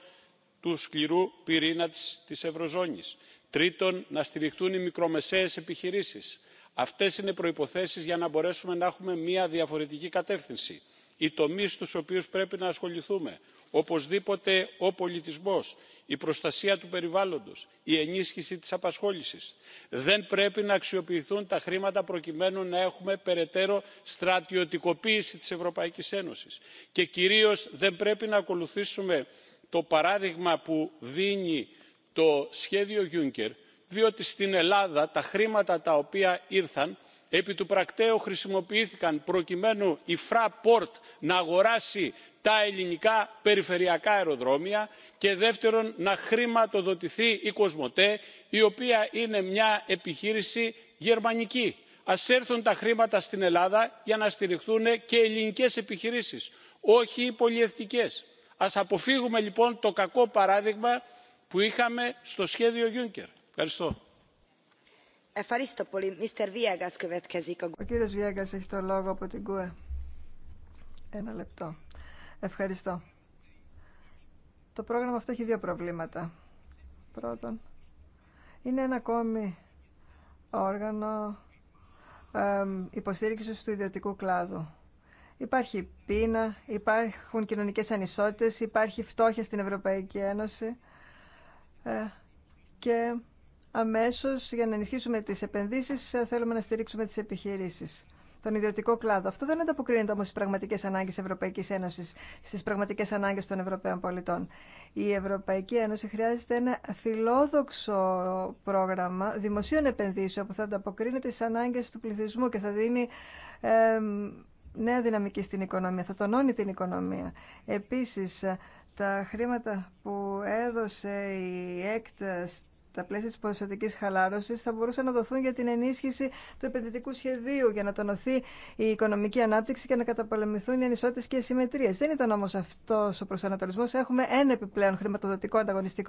του σκληρού πυρήνα της ευρωζώνης. τρίτον να στηριχτούν οι μικρομεσαίες επιχειρήσεις. αυτές είναι προϋποθέσεις για να μπορέσουμε να έχουμε μια διαφορετική κατεύθυνση οι τομείς στους οποίους πρέπει να ασχοληθούμε οπωσδήποτε ο πολιτισμό, η προστασία του περιβάλλοντος η ενίσχυση της απασχόλησης. δεν πρέπει να αξιοποιηθούν τα χρήματα προκειμένου να έχουμε περαιτέρω στρατιωτικοποίηση της ευρωπαϊκής ένωσης και κυρίως δεν πρέπει να ακολουθήσουμε το παράδειγμα που δίνει το σχέδιο juncker διότι στην ελλάδα τα χρήματα τα οποία ήρθαν επί του πρακτέου χρησιμοποιήθηκαν προκειμένου η fraport να αγοράσει τα ελληνικά περιφερειακά αεροδρόμια και δεύτερον να χρηματοδοτηθεί η κοσμοτέ η οποία είναι μια επιχείρηση γερμανική. ας έρθουν τα χρήματα στην ελλάδα για να στηριχθούν και ελληνικές επιχειρήσεις όχι οι πολυεθνικές. ας αποφύγουμε λοιπόν το κακό παράδειγμα που είχαμε στο σχέδιο juncker. ευχαριστώ. Ευχαριστώ πολύ. Ο κύριος Βιέγκας έχει το λόγο από την ΚΟΕ. Ένα λεπτό. Ευχαριστώ. Το πρόγραμμα αυτό έχει δύο προβλήματα. Πρώτον, είναι ένα ακόμη όργανο ε, υποστήριξης του ιδιωτικού κλάδου. Υπάρχει πείνα, υπάρχουν κοινωνικές ανισότητες, υπάρχει φτώχεια στην Ευρωπαϊκή Ένωση ε, και Αμέσω για να ενισχύσουμε τι επενδύσει, θέλουμε να στηρίξουμε τι επιχειρήσει. τον ιδιωτικό κλάδο. Αυτό δεν ανταποκρίνεται όμω στι πραγματικέ ανάγκε Ευρωπαϊκή Ένωση, στι πραγματικέ ανάγκε των Ευρωπαίων πολιτών. Η Ευρωπαϊκή Ένωση χρειάζεται ένα φιλόδοξο πρόγραμμα δημοσίων επενδύσεων που θα ανταποκρίνεται στι ανάγκε του πληθυσμού και θα δίνει ε, νέα δυναμική στην οικονομία, θα τονώνει την οικονομία. Επίση, τα χρήματα που έδωσε η ΕΚΤ τα πλαίσια τη ποσοτική χαλάρωσης θα μπορούσαν να δοθούν για την ενίσχυση του επενδυτικού σχεδίου, για να τονωθεί η οικονομική ανάπτυξη και να καταπολεμηθούν οι ανισότητες και οι συμμετρίες. Δεν ήταν όμως αυτό ο προσανατολισμό. Έχουμε ένα επιπλέον χρηματοδοτικό ανταγωνιστικό